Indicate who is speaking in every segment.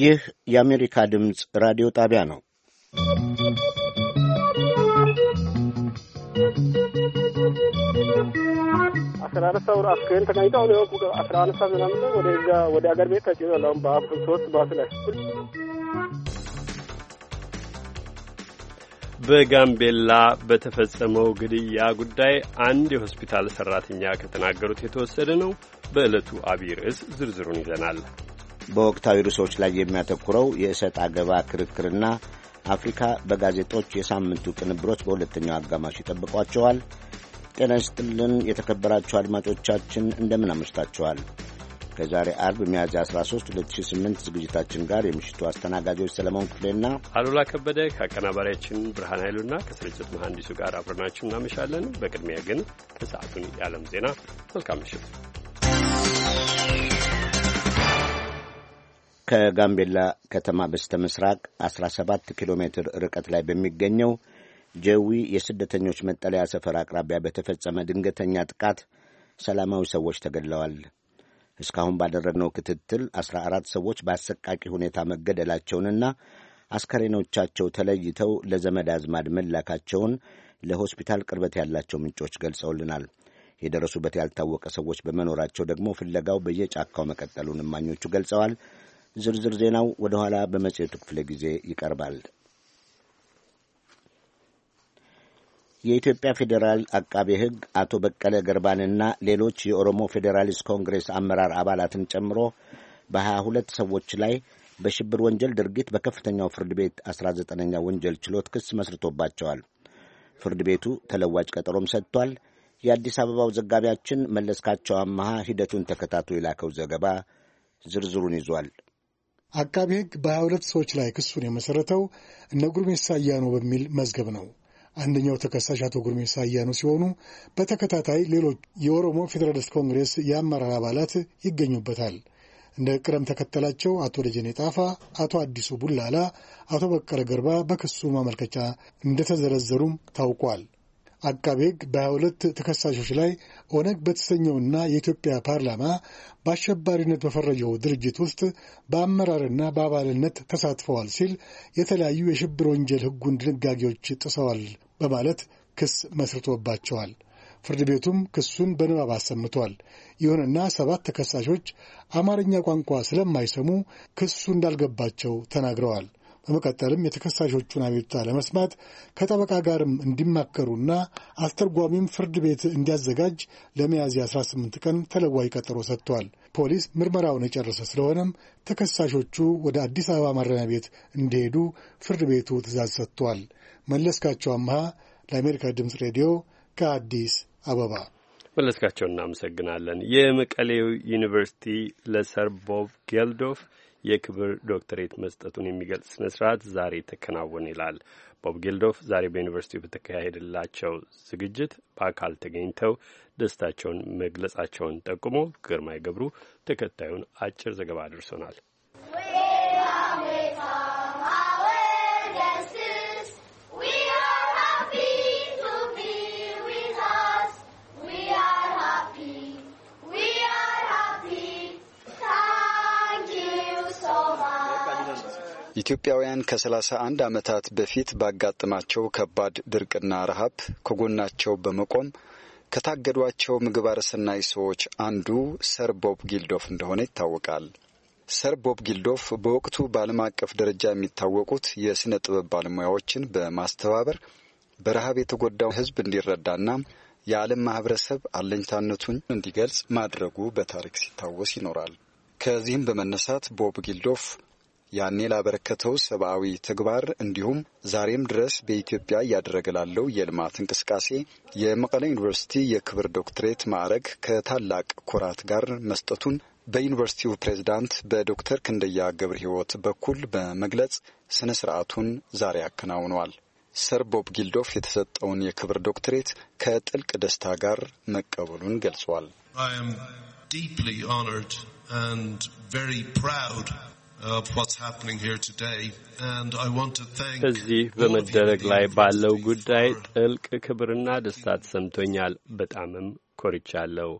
Speaker 1: ይህ የአሜሪካ ድምፅ ራዲዮ ጣቢያ ነው።
Speaker 2: አስራ አራት ሰው አስክሬን አስራ አራት ሰው ምናምን ወደ ወደ ሀገር ቤት ተጭኖ ሶስት ባስ ላይ
Speaker 3: በጋምቤላ በተፈጸመው ግድያ ጉዳይ አንድ የሆስፒታል ሰራተኛ ከተናገሩት የተወሰደ ነው። በዕለቱ አብይ ርዕስ ዝርዝሩን ይዘናል።
Speaker 1: በወቅታዊ ርዕሶች ላይ የሚያተኩረው የእሰጥ አገባ ክርክርና አፍሪካ በጋዜጦች የሳምንቱ ቅንብሮች በሁለተኛው አጋማሽ ይጠብቋቸዋል። ጤና ይስጥልን የተከበራቸው አድማጮቻችን እንደምን አመሽታችኋል። ከዛሬ አርብ ሚያዝያ 13 2008 ዝግጅታችን ጋር የምሽቱ አስተናጋጆች ሰለሞን ክፍሌና
Speaker 3: አሉላ ከበደ ከአቀናባሪያችን ብርሃን ኃይሉና ከስርጭት መሐንዲሱ ጋር አብረናችሁ እናመሻለን። በቅድሚያ ግን ከሰዓቱን የዓለም ዜና። መልካም ምሽት።
Speaker 1: ከጋምቤላ ከተማ በስተ ምስራቅ 17 ኪሎ ሜትር ርቀት ላይ በሚገኘው ጀዊ የስደተኞች መጠለያ ሰፈር አቅራቢያ በተፈጸመ ድንገተኛ ጥቃት ሰላማዊ ሰዎች ተገድለዋል። እስካሁን ባደረግነው ክትትል 14 ሰዎች በአሰቃቂ ሁኔታ መገደላቸውንና አስከሬኖቻቸው ተለይተው ለዘመድ አዝማድ መላካቸውን ለሆስፒታል ቅርበት ያላቸው ምንጮች ገልጸውልናል። የደረሱበት ያልታወቀ ሰዎች በመኖራቸው ደግሞ ፍለጋው በየጫካው መቀጠሉን እማኞቹ ገልጸዋል። ዝርዝር ዜናው ወደ ኋላ በመጽሔቱ ክፍለ ጊዜ ይቀርባል። የኢትዮጵያ ፌዴራል አቃቤ ሕግ አቶ በቀለ ገርባንና ሌሎች የኦሮሞ ፌዴራሊስት ኮንግሬስ አመራር አባላትን ጨምሮ በሀያ ሁለት ሰዎች ላይ በሽብር ወንጀል ድርጊት በከፍተኛው ፍርድ ቤት 19ኛ ወንጀል ችሎት ክስ መስርቶባቸዋል። ፍርድ ቤቱ ተለዋጭ ቀጠሮም ሰጥቷል። የአዲስ አበባው ዘጋቢያችን መለስካቸው አመሃ ሂደቱን ተከታትሎ የላከው ዘገባ ዝርዝሩን ይዟል።
Speaker 4: አቃቢ ሕግ በ22 ሰዎች ላይ ክሱን የመሠረተው እነ ጉርሜሳ አያኖ በሚል መዝገብ ነው። አንደኛው ተከሳሽ አቶ ጉርሜሳ አያኖ ሲሆኑ በተከታታይ ሌሎች የኦሮሞ ፌዴራሊስት ኮንግሬስ የአመራር አባላት ይገኙበታል። እንደ ቅደም ተከተላቸው አቶ ደጀኔ ጣፋ፣ አቶ አዲሱ ቡላላ፣ አቶ በቀለ ገርባ በክሱ ማመልከቻ እንደተዘረዘሩም ታውቋል። አቃቤ ሕግ በ ሁለት ተከሳሾች ላይ ኦነግ በተሰኘውና የኢትዮጵያ ፓርላማ በአሸባሪነት በፈረጀው ድርጅት ውስጥ በአመራርና በአባልነት ተሳትፈዋል ሲል የተለያዩ የሽብር ወንጀል ሕጉን ድንጋጌዎች ጥሰዋል በማለት ክስ መስርቶባቸዋል። ፍርድ ቤቱም ክሱን በንባብ አሰምቷል። ይሁንና ሰባት ተከሳሾች አማርኛ ቋንቋ ስለማይሰሙ ክሱ እንዳልገባቸው ተናግረዋል። በመቀጠልም የተከሳሾቹን አቤቱታ ለመስማት ከጠበቃ ጋርም እንዲማከሩና አስተርጓሚም ፍርድ ቤት እንዲያዘጋጅ ለመያዝ 18 ቀን ተለዋጭ ቀጠሮ ሰጥቷል። ፖሊስ ምርመራውን የጨረሰ ስለሆነም ተከሳሾቹ ወደ አዲስ አበባ ማረሚያ ቤት እንዲሄዱ ፍርድ ቤቱ ትእዛዝ ሰጥቷል። መለስካቸው አምሃ ለአሜሪካ ድምፅ ሬዲዮ ከአዲስ አበባ
Speaker 3: መለስካቸው እናመሰግናለን። የመቀሌው ዩኒቨርሲቲ ለሰር ቦብ ጌልዶፍ የክብር ዶክተሬት መስጠቱን የሚገልጽ ስነ ስርዓት ዛሬ ተከናወን ይላል። ቦብ ጌልዶፍ ዛሬ በዩኒቨርሲቲው በተካሄደላቸው ዝግጅት በአካል ተገኝተው ደስታቸውን መግለጻቸውን ጠቁሞ ግርማይ ገብሩ ተከታዩን አጭር ዘገባ አድርሶናል።
Speaker 5: ኢትዮጵያውያን ከ አንድ ዓመታት በፊት ባጋጠማቸው ከባድ ድርቅና ረሃብ ከጎናቸው በመቆም ከታገዷቸው ምግባረ ሰናይ ሰዎች አንዱ ሰር ቦብ ጊልዶፍ እንደሆነ ይታወቃል። ሰር ቦብ ጊልዶፍ በወቅቱ በዓለም አቀፍ ደረጃ የሚታወቁት የሥነ ጥበብ ባለሙያዎችን በማስተባበር በረሃብ የተጎዳው ሕዝብ እንዲረዳና የዓለም ማኅበረሰብ አለኝታነቱን እንዲገልጽ ማድረጉ በታሪክ ሲታወስ ይኖራል። ከዚህም በመነሳት ቦብ ጊልዶፍ ያኔ ላበረከተው ሰብአዊ ተግባር እንዲሁም ዛሬም ድረስ በኢትዮጵያ እያደረገ ላለው የልማት እንቅስቃሴ የመቀለ ዩኒቨርሲቲ የክብር ዶክትሬት ማዕረግ ከታላቅ ኩራት ጋር መስጠቱን በዩኒቨርሲቲው ፕሬዝዳንት በዶክተር ክንደያ ገብረ ሕይወት በኩል በመግለጽ ስነ ስርዓቱን ዛሬ አከናውኗል። ሰር ቦብ ጊልዶፍ የተሰጠውን የክብር ዶክትሬት ከጥልቅ ደስታ ጋር መቀበሉን ገልጿል።
Speaker 6: እዚህ በመደረግ ላይ
Speaker 3: ባለው ጉዳይ ጥልቅ ክብርና ደስታ ተሰምቶኛል። በጣምም ኮርቻለሁ።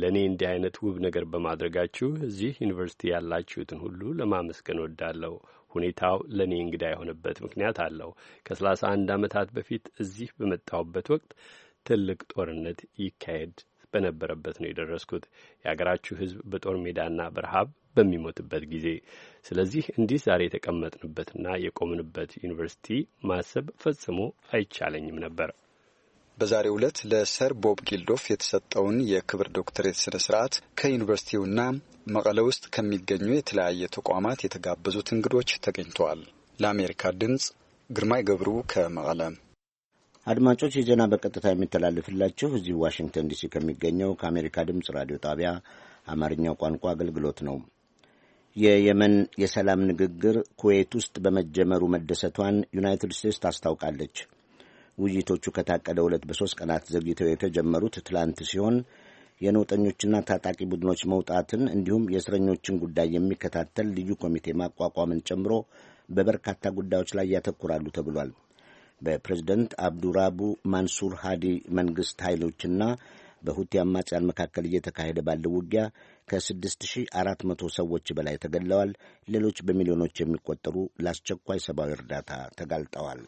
Speaker 3: ለእኔ እንዲህ አይነት ውብ ነገር በማድረጋችሁ እዚህ ዩኒቨርሲቲ ያላችሁትን ሁሉ ለማመስገን ወዳለሁ። ሁኔታው ለእኔ እንግዳ የሆነበት ምክንያት አለው። ከሰላሳ አንድ ዓመታት በፊት እዚህ በመጣሁበት ወቅት ትልቅ ጦርነት ይካሄድ በነበረበት ነው የደረስኩት። የአገራችሁ ሕዝብ በጦር ሜዳና በረሃብ በሚሞትበት ጊዜ። ስለዚህ እንዲህ ዛሬ የተቀመጥንበትና የቆምንበት ዩኒቨርሲቲ ማሰብ ፈጽሞ አይቻለኝም ነበር።
Speaker 5: በዛሬ ዕለት ለሰር ቦብ ጊልዶፍ የተሰጠውን የክብር ዶክትሬት ስነ ስርዓት ከዩኒቨርሲቲውና መቀለ ውስጥ ከሚገኙ የተለያየ ተቋማት የተጋበዙት እንግዶች ተገኝተዋል። ለአሜሪካ ድምፅ ግርማይ ገብሩ ከመቀለ።
Speaker 1: አድማጮች የዜና በቀጥታ የሚተላልፍላችሁ እዚህ ዋሽንግተን ዲሲ ከሚገኘው ከአሜሪካ ድምፅ ራዲዮ ጣቢያ አማርኛው ቋንቋ አገልግሎት ነው። የየመን የሰላም ንግግር ኩዌት ውስጥ በመጀመሩ መደሰቷን ዩናይትድ ስቴትስ ታስታውቃለች። ውይይቶቹ ከታቀደ ሁለት በሶስት ቀናት ዘግይተው የተጀመሩት ትላንት ሲሆን የነውጠኞችና ታጣቂ ቡድኖች መውጣትን እንዲሁም የእስረኞችን ጉዳይ የሚከታተል ልዩ ኮሚቴ ማቋቋምን ጨምሮ በበርካታ ጉዳዮች ላይ ያተኩራሉ ተብሏል። በፕሬዝደንት አብዱራቡ ማንሱር ሃዲ መንግሥት ኃይሎችና በሁቲ አማጽያን መካከል እየተካሄደ ባለው ውጊያ ከ6400 ሰዎች በላይ ተገድለዋል። ሌሎች በሚሊዮኖች የሚቆጠሩ ለአስቸኳይ ሰብአዊ እርዳታ ተጋልጠዋል።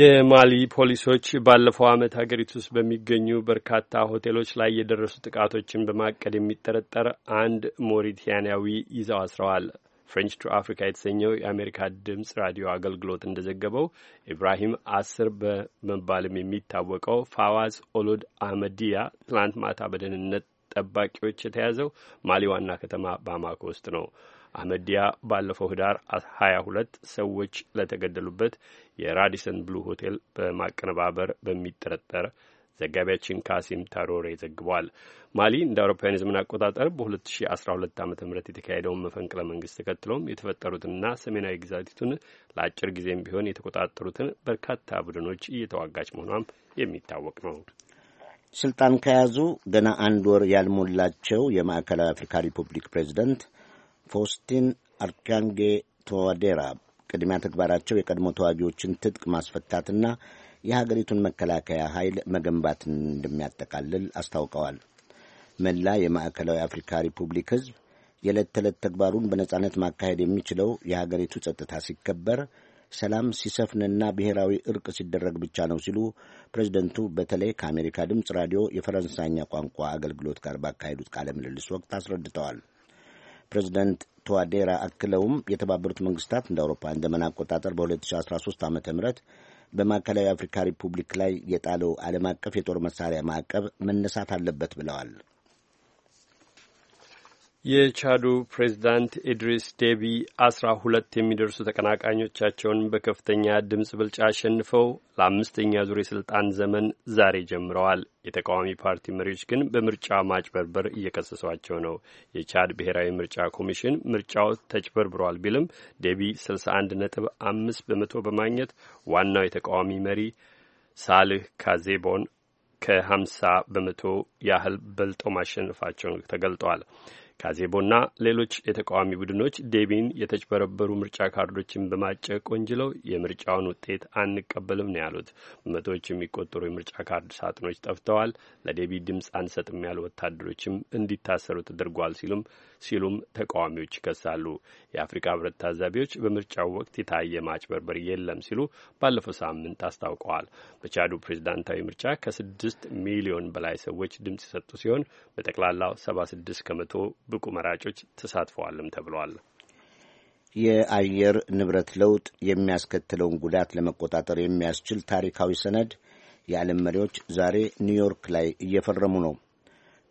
Speaker 3: የማሊ ፖሊሶች ባለፈው ዓመት ሀገሪቱ ውስጥ በሚገኙ በርካታ ሆቴሎች ላይ የደረሱ ጥቃቶችን በማቀድ የሚጠረጠር አንድ ሞሪታንያዊ ይዘው አስረዋል። ፍሬንች ቱ አፍሪካ የተሰኘው የአሜሪካ ድምጽ ራዲዮ አገልግሎት እንደዘገበው ኢብራሂም አስር በመባልም የሚታወቀው ፋዋዝ ኦሎድ አህመዲያ ትናንት ማታ በደህንነት ጠባቂዎች የተያዘው ማሊ ዋና ከተማ ባማኮ ውስጥ ነው። አህመዲያ ባለፈው ህዳር 22 ሰዎች ለተገደሉበት የራዲሰን ብሉ ሆቴል በማቀነባበር በሚጠረጠር ዘጋቢያችን ካሲም ታሮሬ ዘግቧል። ማሊ እንደ አውሮፓውያን የዘመን አቆጣጠር በ2012 ዓ ም የተካሄደውን መፈንቅለ መንግስት ተከትሎም የተፈጠሩትንና ሰሜናዊ ግዛቲቱን ለአጭር ጊዜም ቢሆን የተቆጣጠሩትን በርካታ ቡድኖች እየተዋጋች መሆኗም የሚታወቅ ነው።
Speaker 1: ስልጣን ከያዙ ገና አንድ ወር ያልሞላቸው የማዕከላዊ አፍሪካ ሪፑብሊክ ፕሬዚደንት ፎስቲን አርካንጌ ቶዋዴራ ቅድሚያ ተግባራቸው የቀድሞ ተዋጊዎችን ትጥቅ ማስፈታትና የሀገሪቱን መከላከያ ኃይል መገንባትን እንደሚያጠቃልል አስታውቀዋል። መላ የማዕከላዊ አፍሪካ ሪፑብሊክ ሕዝብ የዕለት ተዕለት ተግባሩን በነጻነት ማካሄድ የሚችለው የሀገሪቱ ጸጥታ ሲከበር ሰላም ሲሰፍንና ብሔራዊ እርቅ ሲደረግ ብቻ ነው ሲሉ ፕሬዚደንቱ በተለይ ከአሜሪካ ድምፅ ራዲዮ የፈረንሳይኛ ቋንቋ አገልግሎት ጋር ባካሄዱት ቃለ ምልልስ ወቅት አስረድተዋል። ፕሬዚደንት ቱዋዴራ አክለውም የተባበሩት መንግስታት እንደ አውሮፓውያን ዘመን አቆጣጠር በ2013 ዓ ም በማዕከላዊ አፍሪካ ሪፑብሊክ ላይ የጣለው ዓለም አቀፍ የጦር መሳሪያ ማዕቀብ መነሳት አለበት ብለዋል።
Speaker 3: የቻዱ ፕሬዚዳንት ኢድሪስ ዴቢ አስራ ሁለት የሚደርሱ ተቀናቃኞቻቸውን በከፍተኛ ድምፅ ብልጫ አሸንፈው ለአምስተኛ ዙር የስልጣን ዘመን ዛሬ ጀምረዋል። የተቃዋሚ ፓርቲ መሪዎች ግን በምርጫ ማጭበርበር እየከሰሷቸው ነው። የቻድ ብሔራዊ ምርጫ ኮሚሽን ምርጫው ተጭበርብሯል ቢልም ዴቢ ስልሳ አንድ ነጥብ አምስት በመቶ በማግኘት ዋናው የተቃዋሚ መሪ ሳልህ ካዜቦን ከ50 በመቶ ያህል በልጦ ማሸነፋቸውን ተገልጠዋል። ካዜቦና ሌሎች የተቃዋሚ ቡድኖች ዴቢን የተጭበረበሩ ምርጫ ካርዶችን በማጨቅ ወንጅለው የምርጫውን ውጤት አንቀበልም ነው ያሉት። በመቶዎች የሚቆጠሩ የምርጫ ካርድ ሳጥኖች ጠፍተዋል፣ ለዴቢ ድምፅ አንሰጥም ያሉ ወታደሮችም እንዲታሰሩ ተደርጓል ሲሉም ሲሉም ተቃዋሚዎች ይከሳሉ። የአፍሪካ ህብረት ታዛቢዎች በምርጫው ወቅት የታየ ማጭበርበር የለም ሲሉ ባለፈው ሳምንት አስታውቀዋል። በቻዱ ፕሬዝዳንታዊ ምርጫ ከስድስት ሚሊዮን በላይ ሰዎች ድምፅ የሰጡ ሲሆን በጠቅላላው ሰባ ስድስት ከመቶ ብቁ መራጮች ተሳትፈዋልም ተብሏል።
Speaker 1: የአየር ንብረት ለውጥ የሚያስከትለውን ጉዳት ለመቆጣጠር የሚያስችል ታሪካዊ ሰነድ የዓለም መሪዎች ዛሬ ኒውዮርክ ላይ እየፈረሙ ነው።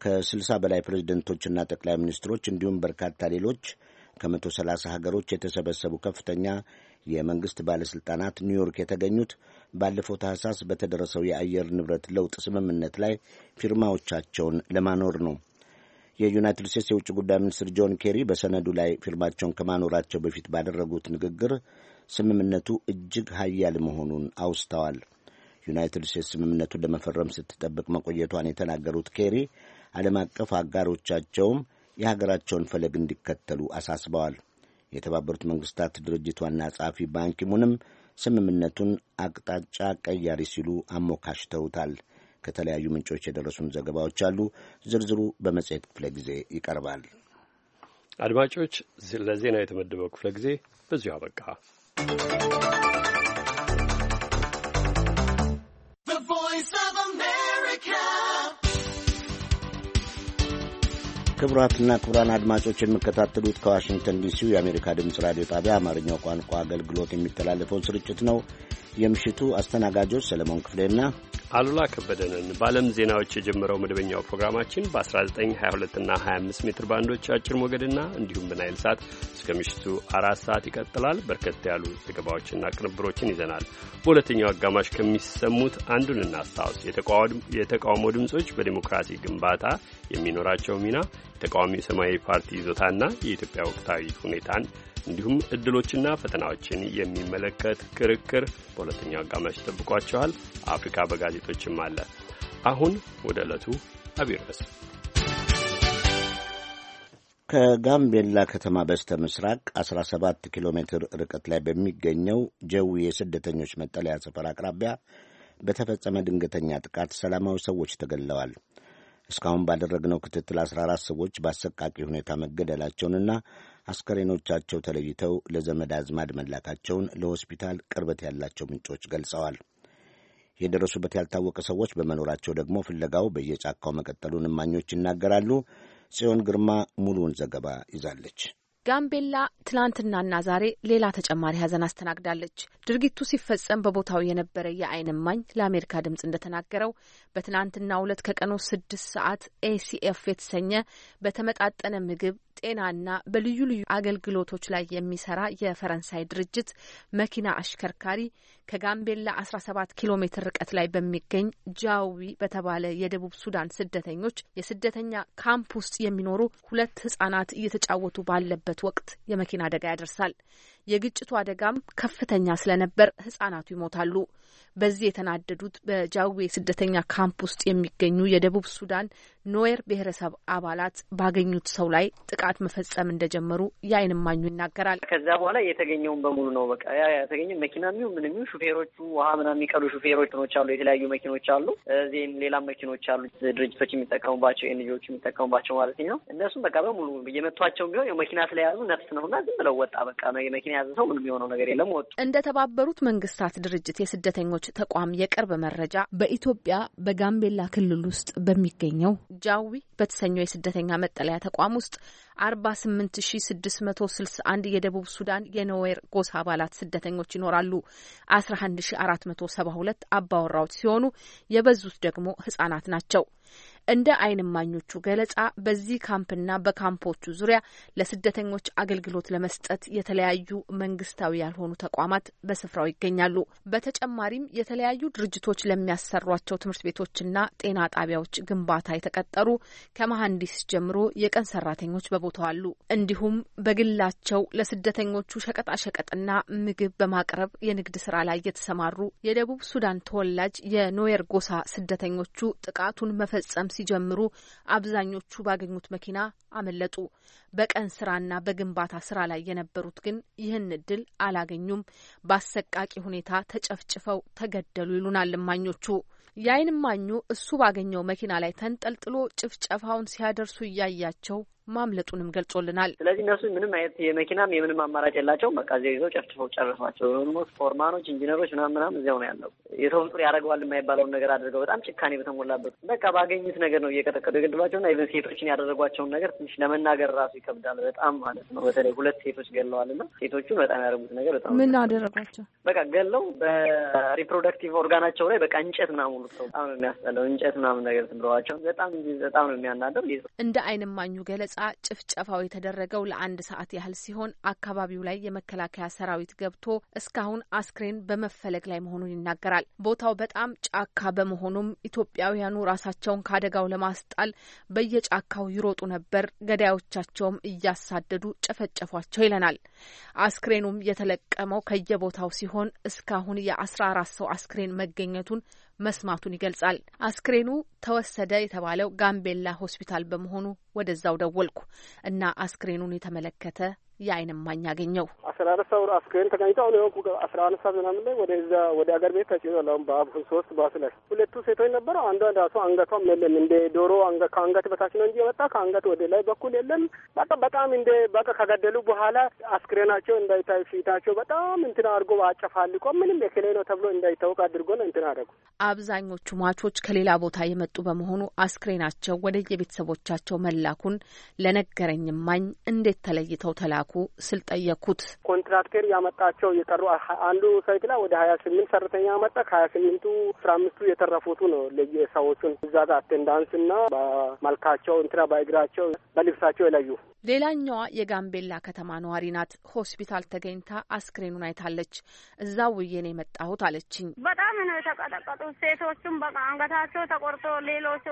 Speaker 1: ከ60 በላይ ፕሬዝደንቶችና ጠቅላይ ሚኒስትሮች እንዲሁም በርካታ ሌሎች ከ130 ሀገሮች የተሰበሰቡ ከፍተኛ የመንግሥት ባለሥልጣናት ኒውዮርክ የተገኙት ባለፈው ታህሳስ በተደረሰው የአየር ንብረት ለውጥ ስምምነት ላይ ፊርማዎቻቸውን ለማኖር ነው። የዩናይትድ ስቴትስ የውጭ ጉዳይ ሚኒስትር ጆን ኬሪ በሰነዱ ላይ ፊርማቸውን ከማኖራቸው በፊት ባደረጉት ንግግር ስምምነቱ እጅግ ሀያል መሆኑን አውስተዋል። ዩናይትድ ስቴትስ ስምምነቱን ለመፈረም ስትጠብቅ መቆየቷን የተናገሩት ኬሪ ዓለም አቀፍ አጋሮቻቸውም የሀገራቸውን ፈለግ እንዲከተሉ አሳስበዋል። የተባበሩት መንግስታት ድርጅት ዋና ጸሐፊ ባንኪሙንም ስምምነቱን አቅጣጫ ቀያሪ ሲሉ አሞካሽተውታል። ከተለያዩ ምንጮች የደረሱን ዘገባዎች አሉ። ዝርዝሩ በመጽሔት ክፍለ ጊዜ ይቀርባል።
Speaker 3: አድማጮች፣ ለዜና የተመደበው ክፍለ ጊዜ በዚሁ አበቃ።
Speaker 1: ክቡራትና ክቡራን አድማጮች የምከታተሉት ከዋሽንግተን ዲሲው የአሜሪካ ድምፅ ራዲዮ ጣቢያ አማርኛው ቋንቋ አገልግሎት የሚተላለፈውን ስርጭት ነው። የምሽቱ አስተናጋጆች ሰለሞን ክፍሌና
Speaker 3: አሉላ ከበደንን በዓለም ዜናዎች የጀመረው መደበኛው ፕሮግራማችን በ1922 እና 25 ሜትር ባንዶች አጭር ሞገድና እንዲሁም በናይል ሰዓት እስከ ምሽቱ አራት ሰዓት ይቀጥላል። በርከት ያሉ ዘገባዎችና ቅንብሮችን ይዘናል። በሁለተኛው አጋማሽ ከሚሰሙት አንዱን እናስታውስ። የተቃውሞ ድምጾች በዲሞክራሲ ግንባታ የሚኖራቸው ሚና፣ የተቃዋሚው ሰማያዊ ፓርቲ ይዞታና የኢትዮጵያ ወቅታዊ ሁኔታን እንዲሁም እድሎችና ፈተናዎችን የሚመለከት ክርክር በሁለተኛው አጋማሽ ጠብቋቸዋል። አፍሪካ በጋዜጦችም አለ። አሁን ወደ ዕለቱ አብይ ርዕስ
Speaker 1: ከጋምቤላ ከተማ በስተ ምስራቅ 17 ኪሎ ሜትር ርቀት ላይ በሚገኘው ጀዊ የስደተኞች መጠለያ ሰፈር አቅራቢያ በተፈጸመ ድንገተኛ ጥቃት ሰላማዊ ሰዎች ተገለዋል። እስካሁን ባደረግነው ክትትል 14 ሰዎች በአሰቃቂ ሁኔታ መገደላቸውንና አስከሬኖቻቸው ተለይተው ለዘመድ አዝማድ መላካቸውን ለሆስፒታል ቅርበት ያላቸው ምንጮች ገልጸዋል። የደረሱበት ያልታወቀ ሰዎች በመኖራቸው ደግሞ ፍለጋው በየጫካው መቀጠሉን እማኞች ይናገራሉ። ጽዮን ግርማ ሙሉውን ዘገባ ይዛለች።
Speaker 7: ጋምቤላ ትላንትናና ዛሬ ሌላ ተጨማሪ ሀዘን አስተናግዳለች። ድርጊቱ ሲፈጸም በቦታው የነበረ የአይን እማኝ ለአሜሪካ ድምጽ እንደተናገረው በትናንትናው ዕለት ከቀኑ ስድስት ሰዓት ኤሲኤፍ የተሰኘ በተመጣጠነ ምግብ ጤናና በልዩ ልዩ አገልግሎቶች ላይ የሚሰራ የፈረንሳይ ድርጅት መኪና አሽከርካሪ ከጋምቤላ 17 ኪሎ ሜትር ርቀት ላይ በሚገኝ ጃዊ በተባለ የደቡብ ሱዳን ስደተኞች የስደተኛ ካምፕ ውስጥ የሚኖሩ ሁለት ህጻናት እየተጫወቱ ባለበት ወቅት የመኪና አደጋ ያደርሳል። የግጭቱ አደጋም ከፍተኛ ስለነበር ህጻናቱ ይሞታሉ። በዚህ የተናደዱት በጃዌ ስደተኛ ካምፕ ውስጥ የሚገኙ የደቡብ ሱዳን ኖዌር ብሔረሰብ አባላት ባገኙት ሰው ላይ ጥቃት መፈጸም እንደጀመሩ የዓይን እማኙ ይናገራል።
Speaker 8: ከዛ በኋላ የተገኘውን በሙሉ ነው በቃ ያ የተገኘ መኪና ሚሁ ምን ሚሁ ሹፌሮቹ ውሃ ምና የሚቀሉ ሹፌሮች ኖች አሉ። የተለያዩ መኪኖች አሉ። እዚህም ሌላ መኪኖች አሉ። ድርጅቶች የሚጠቀሙባቸው ኤንጂኦዎች የሚጠቀሙባቸው ማለት ነው። እነሱም በቃ በሙሉ እየመቷቸው ቢሆን የመኪና ስለያዙ ነፍስ ነው እና ዝም ብለው ወጣ በቃ ነው የመኪና የያዘ ሰው ምንም የሆነው ነገር የለም ወጡ።
Speaker 7: እንደ ተባበሩት መንግስታት ድርጅት የስደተኞች ተቋም የቅርብ መረጃ በኢትዮጵያ በጋምቤላ ክልል ውስጥ በሚገኘው ጃዊ በተሰኘው የስደተኛ መጠለያ ተቋም ውስጥ አርባ ስምንት ሺ ስድስት መቶ ስልሳ አንድ የደቡብ ሱዳን የነዌር ጎሳ አባላት ስደተኞች ይኖራሉ። አስራ አንድ ሺ አራት መቶ ሰባ ሁለት አባወራዎች ሲሆኑ የበዙት ደግሞ ህጻናት ናቸው። እንደ አይንማኞቹ ገለጻ በዚህ ካምፕና በካምፖቹ ዙሪያ ለስደተኞች አገልግሎት ለመስጠት የተለያዩ መንግስታዊ ያልሆኑ ተቋማት በስፍራው ይገኛሉ። በተጨማሪም የተለያዩ ድርጅቶች ለሚያሰሯቸው ትምህርት ቤቶችና ጤና ጣቢያዎች ግንባታ የተቀጠሩ ከመሀንዲስ ጀምሮ የቀን ሰራተኞች በቦታው አሉ። እንዲሁም በግላቸው ለስደተኞቹ ሸቀጣሸቀጥና ምግብ በማቅረብ የንግድ ስራ ላይ የተሰማሩ የደቡብ ሱዳን ተወላጅ የኖየር ጎሳ ስደተኞቹ ጥቃቱን መፈጸም ሲጀምሩ አብዛኞቹ ባገኙት መኪና አመለጡ። በቀን ስራና በግንባታ ስራ ላይ የነበሩት ግን ይህን እድል አላገኙም። በአሰቃቂ ሁኔታ ተጨፍጭፈው ተገደሉ ይሉናል እማኞቹ። የአይን እማኙ እሱ ባገኘው መኪና ላይ ተንጠልጥሎ ጭፍጨፋውን ሲያደርሱ እያያቸው ማምለጡንም ገልጾልናል። ስለዚህ እነሱ ምንም
Speaker 8: አይነት የመኪናም የምንም አማራጭ የላቸው። በቃ እዚያው ይዘው ጨፍጭፈው ጨርሷቸው። ኦልሞስት ፎርማኖች፣ ኢንጂነሮች ምናምን ምናምን እዚያው ነው ያለው። የሰው ፍጡር ያደርገዋል የማይባለውን ነገር አድርገው በጣም ጭካኔ በተሞላበት በቃ ባገኙት ነገር ነው እየቀጠቀጡ የገድሏቸውና ኢቨን ሴቶችን ያደረጓቸውን ነገር ትንሽ ለመናገር ራሱ ይከብዳል በጣም ማለት ነው። በተለይ ሁለት ሴቶች ገለዋል ገለዋልና ሴቶቹን በጣም ያደረጉት ነገር በጣም ምን
Speaker 7: አደረጓቸው?
Speaker 8: በቃ ገለው በሪፕሮዳክቲቭ ኦርጋናቸው ላይ በቃ እንጨት ምናምን ሁሉ ሰው በጣም ነው የሚያስጠላው። እንጨት ምናምን ነገር ትምረዋቸው በጣም በጣም ነው የሚያናደው።
Speaker 7: እንደ አይንማኙ ገለጻ ጭፍጨፋው የተደረገው ለአንድ ሰዓት ያህል ሲሆን አካባቢው ላይ የመከላከያ ሰራዊት ገብቶ እስካሁን አስክሬን በመፈለግ ላይ መሆኑን ይናገራል። ቦታው በጣም ጫካ በመሆኑም ኢትዮጵያውያኑ ራሳቸውን ከአደጋው ለማስጣል በየጫካው ይሮጡ ነበር። ገዳዮቻቸውም እያሳደዱ ጨፈጨፏቸው ይለናል። አስክሬኑም የተለቀመው ከየቦታው ሲሆን እስካሁን የአስራ አራት ሰው አስክሬን መገኘቱን መስማቱን ይገልጻል። አስክሬኑ ተወሰደ የተባለው ጋምቤላ ሆስፒታል በመሆኑ ወደዛው ደወልኩ እና አስክሬኑን የተመለከተ የአይን እማኝ አገኘው።
Speaker 2: አስራ አራት ሰው አስክሬን ተገኝቶ አሁን የወቁ አስራ አንድ ሰዓት ምናምን ላይ ወደዛ ወደ ሀገር ቤት ተጭዟል። አሁን ሶስት ባስ ላይ ሁለቱ ሴቶች ነበረው። አንዷ ራሱ አንገቷም የለም እንደ ዶሮ ከአንገት በታች ነው እንጂ የመጣ ከአንገት ወደ ላይ በኩል የለም። በቃ በጣም እንደ በቃ ከገደሉ በኋላ አስክሬናቸው እንዳይታይ ፊታቸው በጣም እንትን አድርጎ አጨፋልቆ ምንም የክሌ ነው ተብሎ እንዳይታወቅ አድርጎ ነው እንትን አደረጉ።
Speaker 7: አብዛኞቹ ሟቾች ከሌላ ቦታ የመጡ በመሆኑ አስክሬናቸው ወደ የቤተሰቦቻቸው መላኩን ለነገረኝ እማኝ እንዴት ተለይተው ተላኩ እንዲተኩ ስል ጠየኩት።
Speaker 2: ኮንትራክተር ያመጣቸው የቀሩ አንዱ ሳይት ላይ ወደ ሀያ ስምንት ሰራተኛ መጣ። ከሀያ ስምንቱ አስራ አምስቱ የተረፉቱ ነው ለየሰዎቹን እዛ ጋር አቴንዳንስ እና በመልካቸው እንትና በእግራቸው በልብሳቸው የለዩ።
Speaker 7: ሌላኛዋ የጋምቤላ ከተማ ነዋሪ ናት። ሆስፒታል ተገኝታ አስክሬኑን አይታለች። እዛ ውዬን የመጣሁት አለችኝ። በጣም ነው የተቀጠቀጡ ሴቶቹም በቃ አንገታቸው ተቆርጦ ሌሎች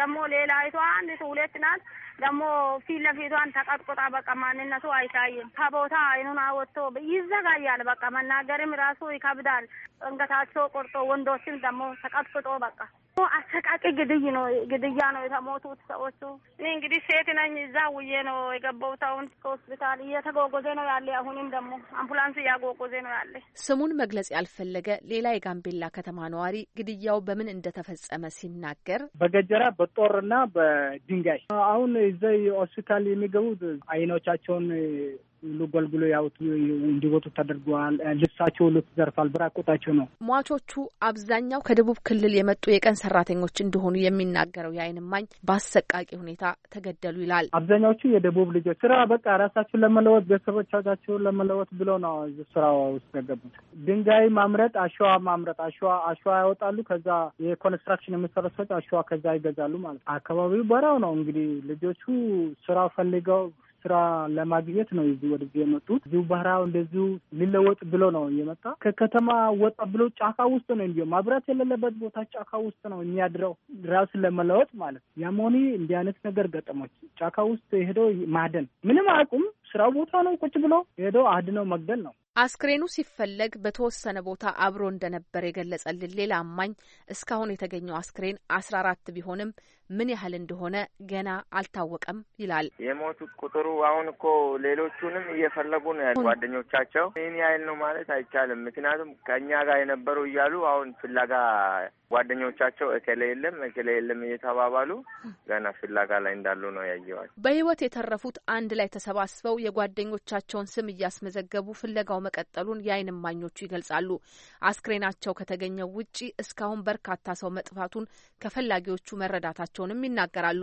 Speaker 7: ደግሞ ሌላ አይቷ አንድ ሁለት ናት ደግሞ ፊት ለፊቷን ተቀጥቁጣ በቃ ማንነቱ አይታይም። ከቦታ አይኑን አወጥቶ ይዘጋያል። በቃ መናገርም ራሱ ይከብዳል። እንገታቸው ቆርጦ ወንዶችም ደግሞ ተቀጥቅጦ በቃ አሰቃቂ ግድይ ነው ግድያ ነው የተሞቱት ሰዎቹ። እኔ እንግዲህ ሴት ነኝ፣ እዛ ውዬ ነው የገባሁት። አሁን ከሆስፒታል እየተጓጓዘ ነው ያለ። አሁንም ደግሞ አምቡላንስ እያጓጓዘ ነው ያለ። ስሙን መግለጽ ያልፈለገ ሌላ የጋምቤላ ከተማ ነዋሪ ግድያው በምን እንደተፈጸመ ሲናገር
Speaker 2: በገጀራ በጦርና በድንጋይ አሁን እዛ ሆስፒታል የሚገቡት አይኖቻቸውን ሁሉ ጎልጉሎ ያውት እንዲወጡ ተደርገዋል። ልብሳቸው ሁሉ ተዘርፏል። በራቆታቸው ነው።
Speaker 7: ሟቾቹ አብዛኛው ከደቡብ ክልል የመጡ የቀን ሰራተኞች እንደሆኑ የሚናገረው የአይን እማኝ
Speaker 2: በአሰቃቂ ሁኔታ ተገደሉ ይላል። አብዛኛዎቹ የደቡብ ልጆች ስራ በቃ ራሳቸውን ለመለወጥ ቤተሰቦቻቸውን ለመለወጥ ብሎ ነው ስራ ውስጥ የገቡት። ድንጋይ ማምረት፣ አሸዋ ማምረት፣ አሸዋ አሸዋ ያወጣሉ። ከዛ የኮንስትራክሽን የሚሰሩ ሰዎች አሸዋ ከዛ ይገዛሉ ማለት አካባቢው በራው ነው እንግዲህ ልጆቹ ስራ ፈልገው ስራ ለማግኘት ነው እዚህ ወደዚህ የመጡት። እዚሁ ባህራው እንደዚሁ ሊለወጥ ብሎ ነው የመጣ። ከከተማ ወጣ ብሎ ጫካ ውስጥ ነው እንዲሁ ማብራት የሌለበት ቦታ ጫካ ውስጥ ነው የሚያድረው ራሱን ለመለወጥ ማለት ያመሆኒ እንዲህ አይነት ነገር ገጠሞች ጫካ ውስጥ ሄዶ ማደን ምንም አያውቁም። ስራው ቦታ ነው ቁጭ ብሎ ሄዶ አድነው መግደል ነው።
Speaker 7: አስክሬኑ ሲፈለግ በተወሰነ ቦታ አብሮ እንደነበር የገለጸልን ሌላ አማኝ እስካሁን የተገኘው አስክሬን አስራ አራት ቢሆንም ምን ያህል እንደሆነ ገና አልታወቀም ይላል።
Speaker 9: የሞቱ ቁጥሩ አሁን እኮ ሌሎቹንም እየፈለጉ ነው ያሉ ጓደኞቻቸው። ይህን ያህል ነው ማለት አይቻልም። ምክንያቱም ከእኛ ጋር የነበሩ እያሉ አሁን ፍለጋ ጓደኞቻቸው እከሌ የለም እከሌ የለም እየተባባሉ ገና ፍላጋ ላይ እንዳሉ ነው ያየዋል።
Speaker 7: በህይወት የተረፉት አንድ ላይ ተሰባስበው የጓደኞቻቸውን ስም እያስመዘገቡ ፍለጋው መቀጠሉን የዓይን እማኞቹ ይገልጻሉ። አስክሬናቸው ከተገኘው ውጪ እስካሁን በርካታ ሰው መጥፋቱን ከፈላጊዎቹ መረዳታቸውንም ይናገራሉ።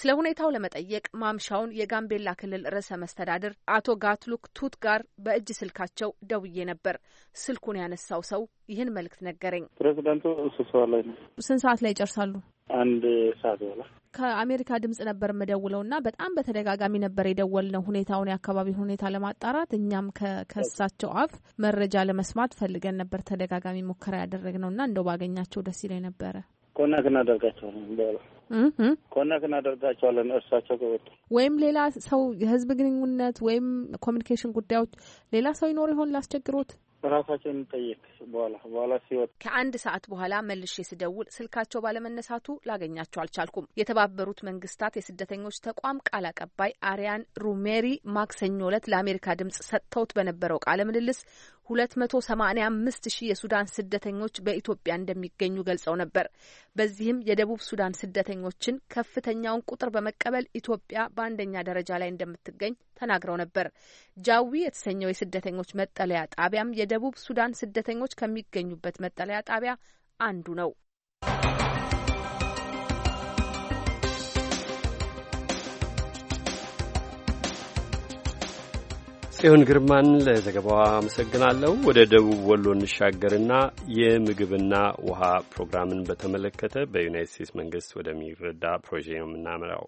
Speaker 7: ስለ ሁኔታው ለመጠየቅ ማምሻውን የጋምቤላ ክልል ርዕሰ መስተዳድር አቶ ጋትሉክ ቱት ጋር በእጅ ስልካቸው ደውዬ ነበር። ስልኩን ያነሳው ሰው ይህን መልእክት ነገረኝ።
Speaker 10: ፕሬዚዳንቱ ስብሰባ ላይ ነው።
Speaker 7: ስንት ሰዓት ላይ ይጨርሳሉ?
Speaker 10: አንድ ሰዓት በኋላ
Speaker 7: ከአሜሪካ ድምጽ ነበር የምደውለው እና በጣም በተደጋጋሚ ነበር የደወልነው ሁኔታውን የአካባቢውን ሁኔታ ለማጣራት እኛም ከእሳቸው አፍ መረጃ ለመስማት ፈልገን ነበር ተደጋጋሚ ሙከራ ያደረግነው እና እንደው ባገኛቸው ደስ ይለኝ ነበረ።
Speaker 2: ኮናክ እናደርጋቸዋለን።
Speaker 11: ኮነክ እናደርጋቸዋለን እርሳቸው ከወጡ
Speaker 7: ወይም ሌላ ሰው የህዝብ ግንኙነት ወይም ኮሚኒኬሽን ጉዳዮች ሌላ ሰው ይኖር ይሆን ላስቸግሮት
Speaker 10: ራሳቸው እንጠየቅ። በኋላ በኋላ ሲወጥ
Speaker 7: ከአንድ ሰዓት በኋላ መልሼ ስደውል ስልካቸው ባለመነሳቱ ላገኛቸው አልቻልኩም። የተባበሩት መንግስታት የስደተኞች ተቋም ቃል አቀባይ አሪያን ሩሜሪ ማክሰኞ ዕለት ለአሜሪካ ድምጽ ሰጥተውት በነበረው ቃለ ምልልስ 285 ሺህ የሱዳን ስደተኞች በኢትዮጵያ እንደሚገኙ ገልጸው ነበር። በዚህም የደቡብ ሱዳን ስደተኞችን ከፍተኛውን ቁጥር በመቀበል ኢትዮጵያ በአንደኛ ደረጃ ላይ እንደምትገኝ ተናግረው ነበር። ጃዊ የተሰኘው የስደተኞች መጠለያ ጣቢያም የደቡብ ሱዳን ስደተኞች ከሚገኙበት መጠለያ ጣቢያ አንዱ ነው።
Speaker 3: ጽዮን ግርማን ለዘገባዋ አመሰግናለሁ። ወደ ደቡብ ወሎ እንሻገርና የምግብና ውሃ ፕሮግራምን በተመለከተ በዩናይት ስቴትስ መንግስት ወደሚረዳ ፕሮጄ ነው የምናመራው።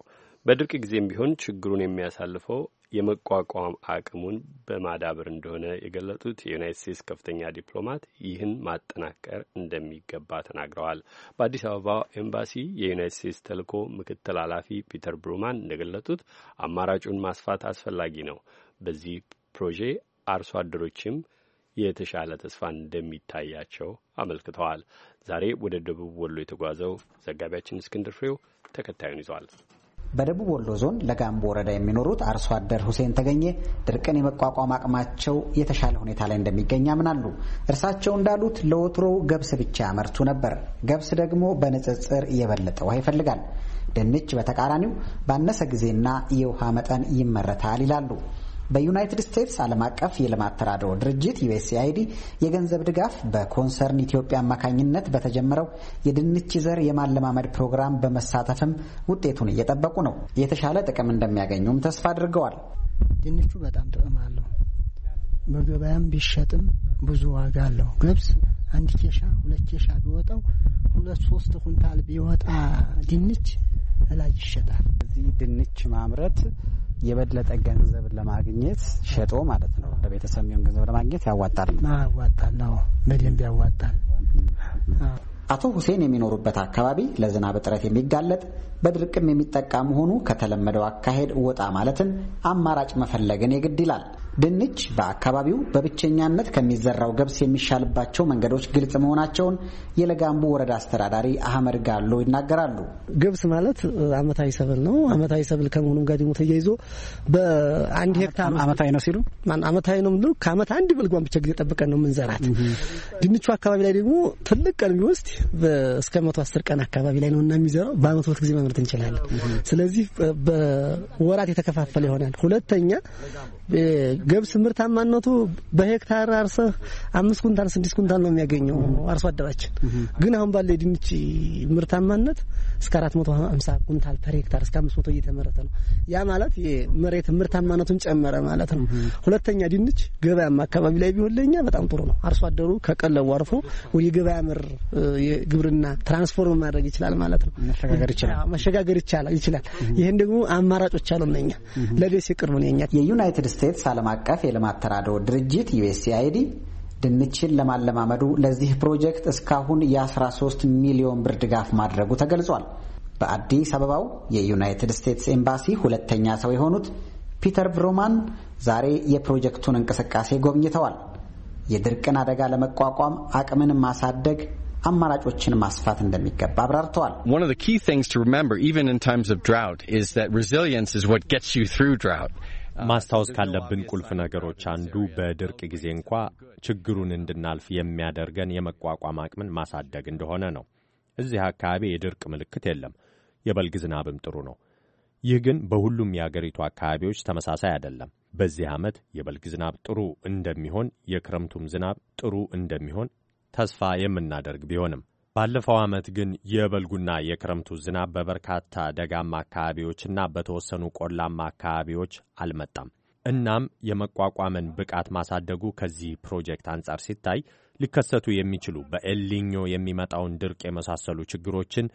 Speaker 3: በድርቅ ጊዜም ቢሆን ችግሩን የሚያሳልፈው የመቋቋም አቅሙን በማዳበር እንደሆነ የገለጡት የዩናይት ስቴትስ ከፍተኛ ዲፕሎማት ይህን ማጠናከር እንደሚገባ ተናግረዋል። በአዲስ አበባ ኤምባሲ የዩናይት ስቴትስ ተልዕኮ ምክትል ኃላፊ ፒተር ብሩማን እንደገለጡት አማራጩን ማስፋት አስፈላጊ ነው። በዚህ ፕሮጄ አርሶ አደሮችም የተሻለ ተስፋ እንደሚታያቸው አመልክተዋል። ዛሬ ወደ ደቡብ ወሎ የተጓዘው ዘጋቢያችን እስክንድር ፍሬው ተከታዩን ይዟል።
Speaker 12: በደቡብ ወሎ ዞን ለጋምቦ ወረዳ የሚኖሩት አርሶ አደር ሁሴን ተገኘ ድርቅን የመቋቋም አቅማቸው የተሻለ ሁኔታ ላይ እንደሚገኝ ያምናሉ። እርሳቸው እንዳሉት ለወትሮው ገብስ ብቻ ያመርቱ ነበር። ገብስ ደግሞ በንጽጽር የበለጠ ውሃ ይፈልጋል። ድንች በተቃራኒው ባነሰ ጊዜና የውሃ መጠን ይመረታል ይላሉ። በዩናይትድ ስቴትስ ዓለም አቀፍ የልማት ተራድኦ ድርጅት ዩኤስኤአይዲ የገንዘብ ድጋፍ በኮንሰርን ኢትዮጵያ አማካኝነት በተጀመረው የድንች ዘር የማለማመድ ፕሮግራም በመሳተፍም ውጤቱን እየጠበቁ ነው። የተሻለ ጥቅም እንደሚያገኙም ተስፋ አድርገዋል።
Speaker 1: ድንቹ በጣም ጥቅም አለው። በገበያም ቢሸጥም ብዙ ዋጋ አለው። ገብስ አንድ ኬሻ
Speaker 12: ሁለት ኬሻ ቢወጣው ሁለት ሶስት ኩንታል ቢወጣ ድንች እላይ ይሸጣል። እዚህ ድንች ማምረት የበለጠ ገንዘብ ለማግኘት ሸጦ ማለት ነው ለቤተሰብ የሚሆን ገንዘብ ለማግኘት ያዋጣል
Speaker 1: ያዋጣል ነው
Speaker 12: በደንብ ያዋጣል። አቶ ሁሴን የሚኖሩበት አካባቢ ለዝናብ እጥረት የሚጋለጥ በድርቅም የሚጠቃ መሆኑ ከተለመደው አካሄድ ወጣ ማለትን አማራጭ መፈለግን የግድ ይላል። ድንች በአካባቢው በብቸኛነት ከሚዘራው ገብስ የሚሻልባቸው መንገዶች ግልጽ መሆናቸውን የለጋምቡ ወረዳ አስተዳዳሪ አህመድ ጋሎ ይናገራሉ። ገብስ ማለት
Speaker 8: አመታዊ ሰብል ነው። አመታዊ ሰብል ከመሆኑም ጋር ደግሞ ተያይዞ በአንድ ሄክታር አመታዊ ነው ሲሉ አመታዊ ነው ምንድነው ከአመት አንድ በልጓን ብቻ ጊዜ ጠብቀን ነው ምንዘራት። ድንቹ አካባቢ ላይ ደግሞ ትልቅ ቀን ቢወስድ እስከ መቶ አስር ቀን አካባቢ ላይ ነው እና የሚዘራው በአመት ሁለት ጊዜ ማምረት እንችላለን። ስለዚህ በወራት የተከፋፈለ ይሆናል። ሁለተኛ ገብስ ምርታማነቱ በሄክታር አርሰህ አምስት ኩንታል ስድስት ኩንታል ነው የሚያገኘው አርሶ አደራችን። ግን አሁን ባለ የድንች ምርታማነት እስከ አራት መቶ ሀምሳ ኩንታል ፐር ሄክታር እስከ አምስት መቶ እየተመረተ ነው። ያ ማለት የመሬት ምርታማነቱን ጨመረ ማለት ነው። ሁለተኛ ድንች ገበያማ አካባቢ ላይ ቢሆን ለኛ በጣም ጥሩ ነው። አርሶ አደሩ ከቀለቡ አርፎ ወደ ገበያ ምር የግብርና ትራንስፎርም ማድረግ ይችላል ማለት ነው። መሸጋገር ይችላል
Speaker 12: ይችላል። ይህን ደግሞ አማራጮች አሉ እነኛ ለደሴ ቅርብ ነው የኛ የዩናይትድ ስቴትስ አለማ አቀፍ የልማት ተራድኦ ድርጅት ዩኤስኤአይዲ ድንችን ለማለማመዱ ለዚህ ፕሮጀክት እስካሁን የ13 ሚሊዮን ብር ድጋፍ ማድረጉ ተገልጿል። በአዲስ አበባው የዩናይትድ ስቴትስ ኤምባሲ ሁለተኛ ሰው የሆኑት ፒተር ብሮማን ዛሬ የፕሮጀክቱን እንቅስቃሴ ጎብኝተዋል። የድርቅን አደጋ ለመቋቋም አቅምን ማሳደግ አማራጮችን ማስፋት እንደሚገባ አብራርተዋል።
Speaker 5: One of the key things to remember even in times
Speaker 13: of drought is that resilience is what gets you through drought. ማስታወስ ካለብን ቁልፍ ነገሮች አንዱ በድርቅ ጊዜ እንኳ ችግሩን እንድናልፍ የሚያደርገን የመቋቋም አቅምን ማሳደግ እንደሆነ ነው። እዚህ አካባቢ የድርቅ ምልክት የለም። የበልግ ዝናብም ጥሩ ነው። ይህ ግን በሁሉም የአገሪቱ አካባቢዎች ተመሳሳይ አይደለም። በዚህ ዓመት የበልግ ዝናብ ጥሩ እንደሚሆን፣ የክረምቱም ዝናብ ጥሩ እንደሚሆን ተስፋ የምናደርግ ቢሆንም ባለፈው ዓመት ግን የበልጉና የክረምቱ ዝናብ በበርካታ ደጋማ አካባቢዎችና በተወሰኑ ቆላማ አካባቢዎች አልመጣም። እናም የመቋቋምን ብቃት ማሳደጉ ከዚህ ፕሮጀክት አንጻር ሲታይ ሊከሰቱ የሚችሉ በኤልኒኞ የሚመጣውን ድርቅ የመሳሰሉ ችግሮችን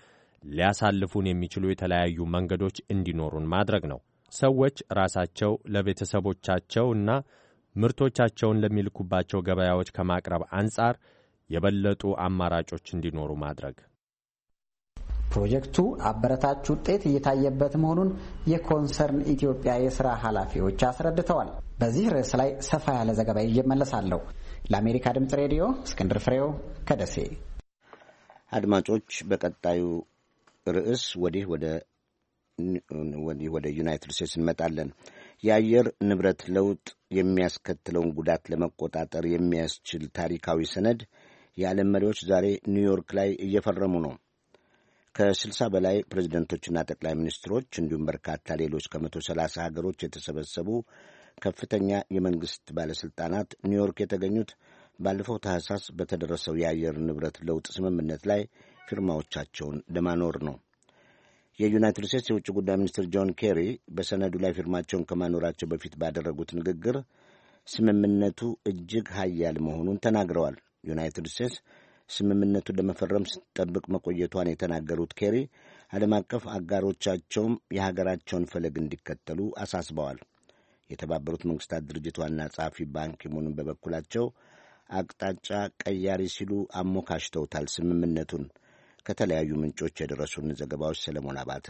Speaker 13: ሊያሳልፉን የሚችሉ የተለያዩ መንገዶች እንዲኖሩን ማድረግ ነው። ሰዎች ራሳቸው ለቤተሰቦቻቸውና ምርቶቻቸውን ለሚልኩባቸው ገበያዎች ከማቅረብ አንጻር የበለጡ አማራጮች እንዲኖሩ ማድረግ።
Speaker 12: ፕሮጀክቱ አበረታች ውጤት እየታየበት መሆኑን የኮንሰርን ኢትዮጵያ የሥራ ኃላፊዎች አስረድተዋል። በዚህ ርዕስ ላይ ሰፋ ያለ ዘገባ ይዤ እመለሳለሁ። ለአሜሪካ ድምፅ ሬዲዮ
Speaker 1: እስክንድር ፍሬው ከደሴ። አድማጮች፣ በቀጣዩ ርዕስ ወዲህ ወደ ወዲህ ወደ ዩናይትድ ስቴትስ እንመጣለን። የአየር ንብረት ለውጥ የሚያስከትለውን ጉዳት ለመቆጣጠር የሚያስችል ታሪካዊ ሰነድ የዓለም መሪዎች ዛሬ ኒውዮርክ ላይ እየፈረሙ ነው። ከስልሳ በላይ ፕሬዚደንቶችና ጠቅላይ ሚኒስትሮች እንዲሁም በርካታ ሌሎች ከመቶ ሰላሳ ሀገሮች የተሰበሰቡ ከፍተኛ የመንግሥት ባለሥልጣናት ኒውዮርክ የተገኙት ባለፈው ታህሳስ በተደረሰው የአየር ንብረት ለውጥ ስምምነት ላይ ፊርማዎቻቸውን ለማኖር ነው። የዩናይትድ ስቴትስ የውጭ ጉዳይ ሚኒስትር ጆን ኬሪ በሰነዱ ላይ ፊርማቸውን ከማኖራቸው በፊት ባደረጉት ንግግር ስምምነቱ እጅግ ኃያል መሆኑን ተናግረዋል። ዩናይትድ ስቴትስ ስምምነቱን ለመፈረም ስትጠብቅ መቆየቷን የተናገሩት ኬሪ ዓለም አቀፍ አጋሮቻቸውም የሀገራቸውን ፈለግ እንዲከተሉ አሳስበዋል። የተባበሩት መንግስታት ድርጅት ዋና ጸሐፊ ባንኪሙንን በበኩላቸው አቅጣጫ ቀያሪ ሲሉ አሞካሽተውታል ስምምነቱን። ከተለያዩ ምንጮች የደረሱን ዘገባዎች ሰለሞን አባተ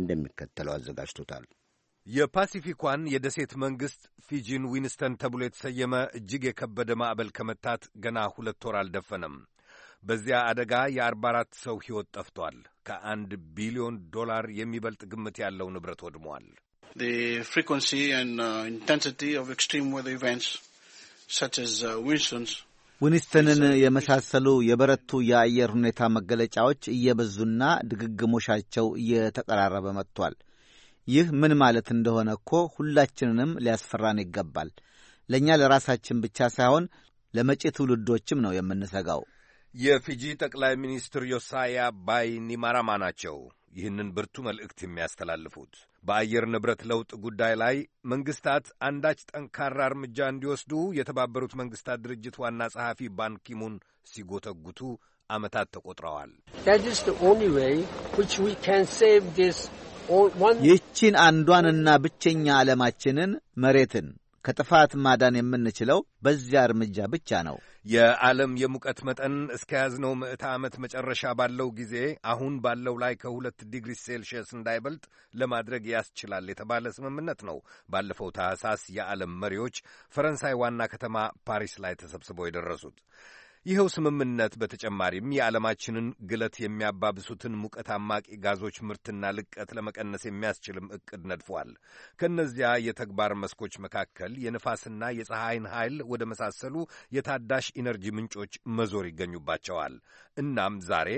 Speaker 1: እንደሚከተለው አዘጋጅቶታል።
Speaker 14: የፓሲፊኳን የደሴት መንግሥት ፊጂን ዊንስተን ተብሎ የተሰየመ እጅግ የከበደ ማዕበል ከመታት ገና ሁለት ወር አልደፈነም። በዚያ አደጋ የአርባ አራት ሰው ሕይወት ጠፍቷል። ከአንድ ቢሊዮን ዶላር የሚበልጥ ግምት ያለው ንብረት ወድሟል።
Speaker 4: ፍሪኩንሲ እና ኢንቴንሲቲ ኦፍ ኤክስትሪም
Speaker 15: ዊንስተንን uh, የመሳሰሉ የበረቱ የአየር ሁኔታ መገለጫዎች እየበዙና ድግግሞሻቸው እየተቀራረበ መጥቷል። ይህ ምን ማለት እንደሆነ እኮ ሁላችንንም ሊያስፈራን ይገባል። ለእኛ ለራሳችን ብቻ ሳይሆን ለመጪ ትውልዶችም ነው የምንሰጋው።
Speaker 14: የፊጂ ጠቅላይ ሚኒስትር ዮሳያ ባይኒማራማ ናቸው ይህንን ብርቱ መልእክት የሚያስተላልፉት። በአየር ንብረት ለውጥ ጉዳይ ላይ መንግሥታት አንዳች ጠንካራ እርምጃ እንዲወስዱ የተባበሩት መንግሥታት ድርጅት ዋና ጸሐፊ ባንኪሙን ሲጎተጉቱ ዓመታት ተቆጥረዋል።
Speaker 15: ይህችን አንዷንና ብቸኛ ዓለማችንን መሬትን ከጥፋት ማዳን የምንችለው በዚያ እርምጃ ብቻ ነው።
Speaker 14: የዓለም የሙቀት መጠን እስከያዝነው ምዕተ ዓመት መጨረሻ ባለው ጊዜ አሁን ባለው ላይ ከሁለት ዲግሪ ሴልሽየስ እንዳይበልጥ ለማድረግ ያስችላል የተባለ ስምምነት ነው ባለፈው ታህሳስ የዓለም መሪዎች ፈረንሳይ ዋና ከተማ ፓሪስ ላይ ተሰብስበው የደረሱት። ይኸው ስምምነት በተጨማሪም የዓለማችንን ግለት የሚያባብሱትን ሙቀት አማቂ ጋዞች ምርትና ልቀት ለመቀነስ የሚያስችልም እቅድ ነድፏል። ከእነዚያ የተግባር መስኮች መካከል የንፋስና የፀሐይን ኃይል ወደ መሳሰሉ የታዳሽ ኢነርጂ ምንጮች መዞር ይገኙባቸዋል። እናም ዛሬ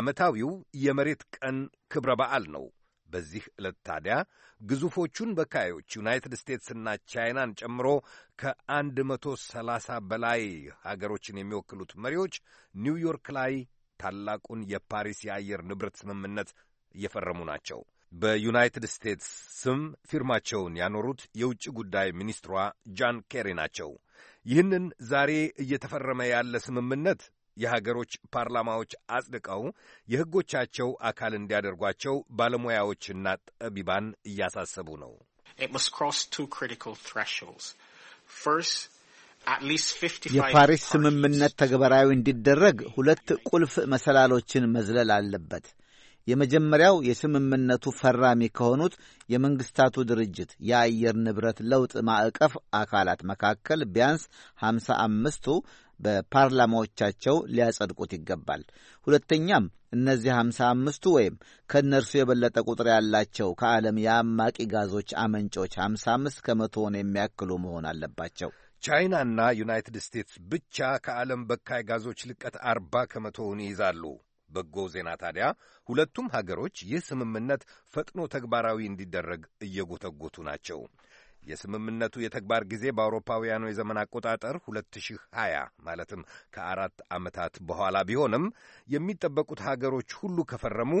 Speaker 14: ዓመታዊው የመሬት ቀን ክብረ በዓል ነው። በዚህ ዕለት ታዲያ ግዙፎቹን በካዮች ዩናይትድ ስቴትስና ቻይናን ጨምሮ ከአንድ መቶ ሰላሳ በላይ ሀገሮችን የሚወክሉት መሪዎች ኒውዮርክ ላይ ታላቁን የፓሪስ የአየር ንብረት ስምምነት እየፈረሙ ናቸው። በዩናይትድ ስቴትስ ስም ፊርማቸውን ያኖሩት የውጭ ጉዳይ ሚኒስትሯ ጃን ኬሪ ናቸው። ይህንን ዛሬ እየተፈረመ ያለ ስምምነት የሀገሮች ፓርላማዎች አጽድቀው የሕጎቻቸው አካል እንዲያደርጓቸው ባለሙያዎችና ጠቢባን እያሳሰቡ ነው። የፓሪስ
Speaker 15: ስምምነት ተግባራዊ እንዲደረግ ሁለት ቁልፍ መሰላሎችን መዝለል አለበት። የመጀመሪያው የስምምነቱ ፈራሚ ከሆኑት የመንግስታቱ ድርጅት የአየር ንብረት ለውጥ ማዕቀፍ አካላት መካከል ቢያንስ ሃምሳ አምስቱ በፓርላማዎቻቸው ሊያጸድቁት ይገባል። ሁለተኛም እነዚህ ሀምሳ አምስቱ ወይም ከእነርሱ የበለጠ ቁጥር ያላቸው ከዓለም የአማቂ ጋዞች አመንጮች ሀምሳ አምስት ከመቶውን የሚያክሉ መሆን አለባቸው።
Speaker 14: ቻይናና ዩናይትድ ስቴትስ ብቻ ከዓለም በካይ ጋዞች ልቀት አርባ ከመቶውን ይይዛሉ። በጎ ዜና ታዲያ ሁለቱም ሀገሮች ይህ ስምምነት ፈጥኖ ተግባራዊ እንዲደረግ እየጎተጎቱ ናቸው። የስምምነቱ የተግባር ጊዜ በአውሮፓውያኑ የዘመን አቆጣጠር 2020 ማለትም ከአራት ዓመታት በኋላ ቢሆንም የሚጠበቁት ሀገሮች ሁሉ ከፈረሙ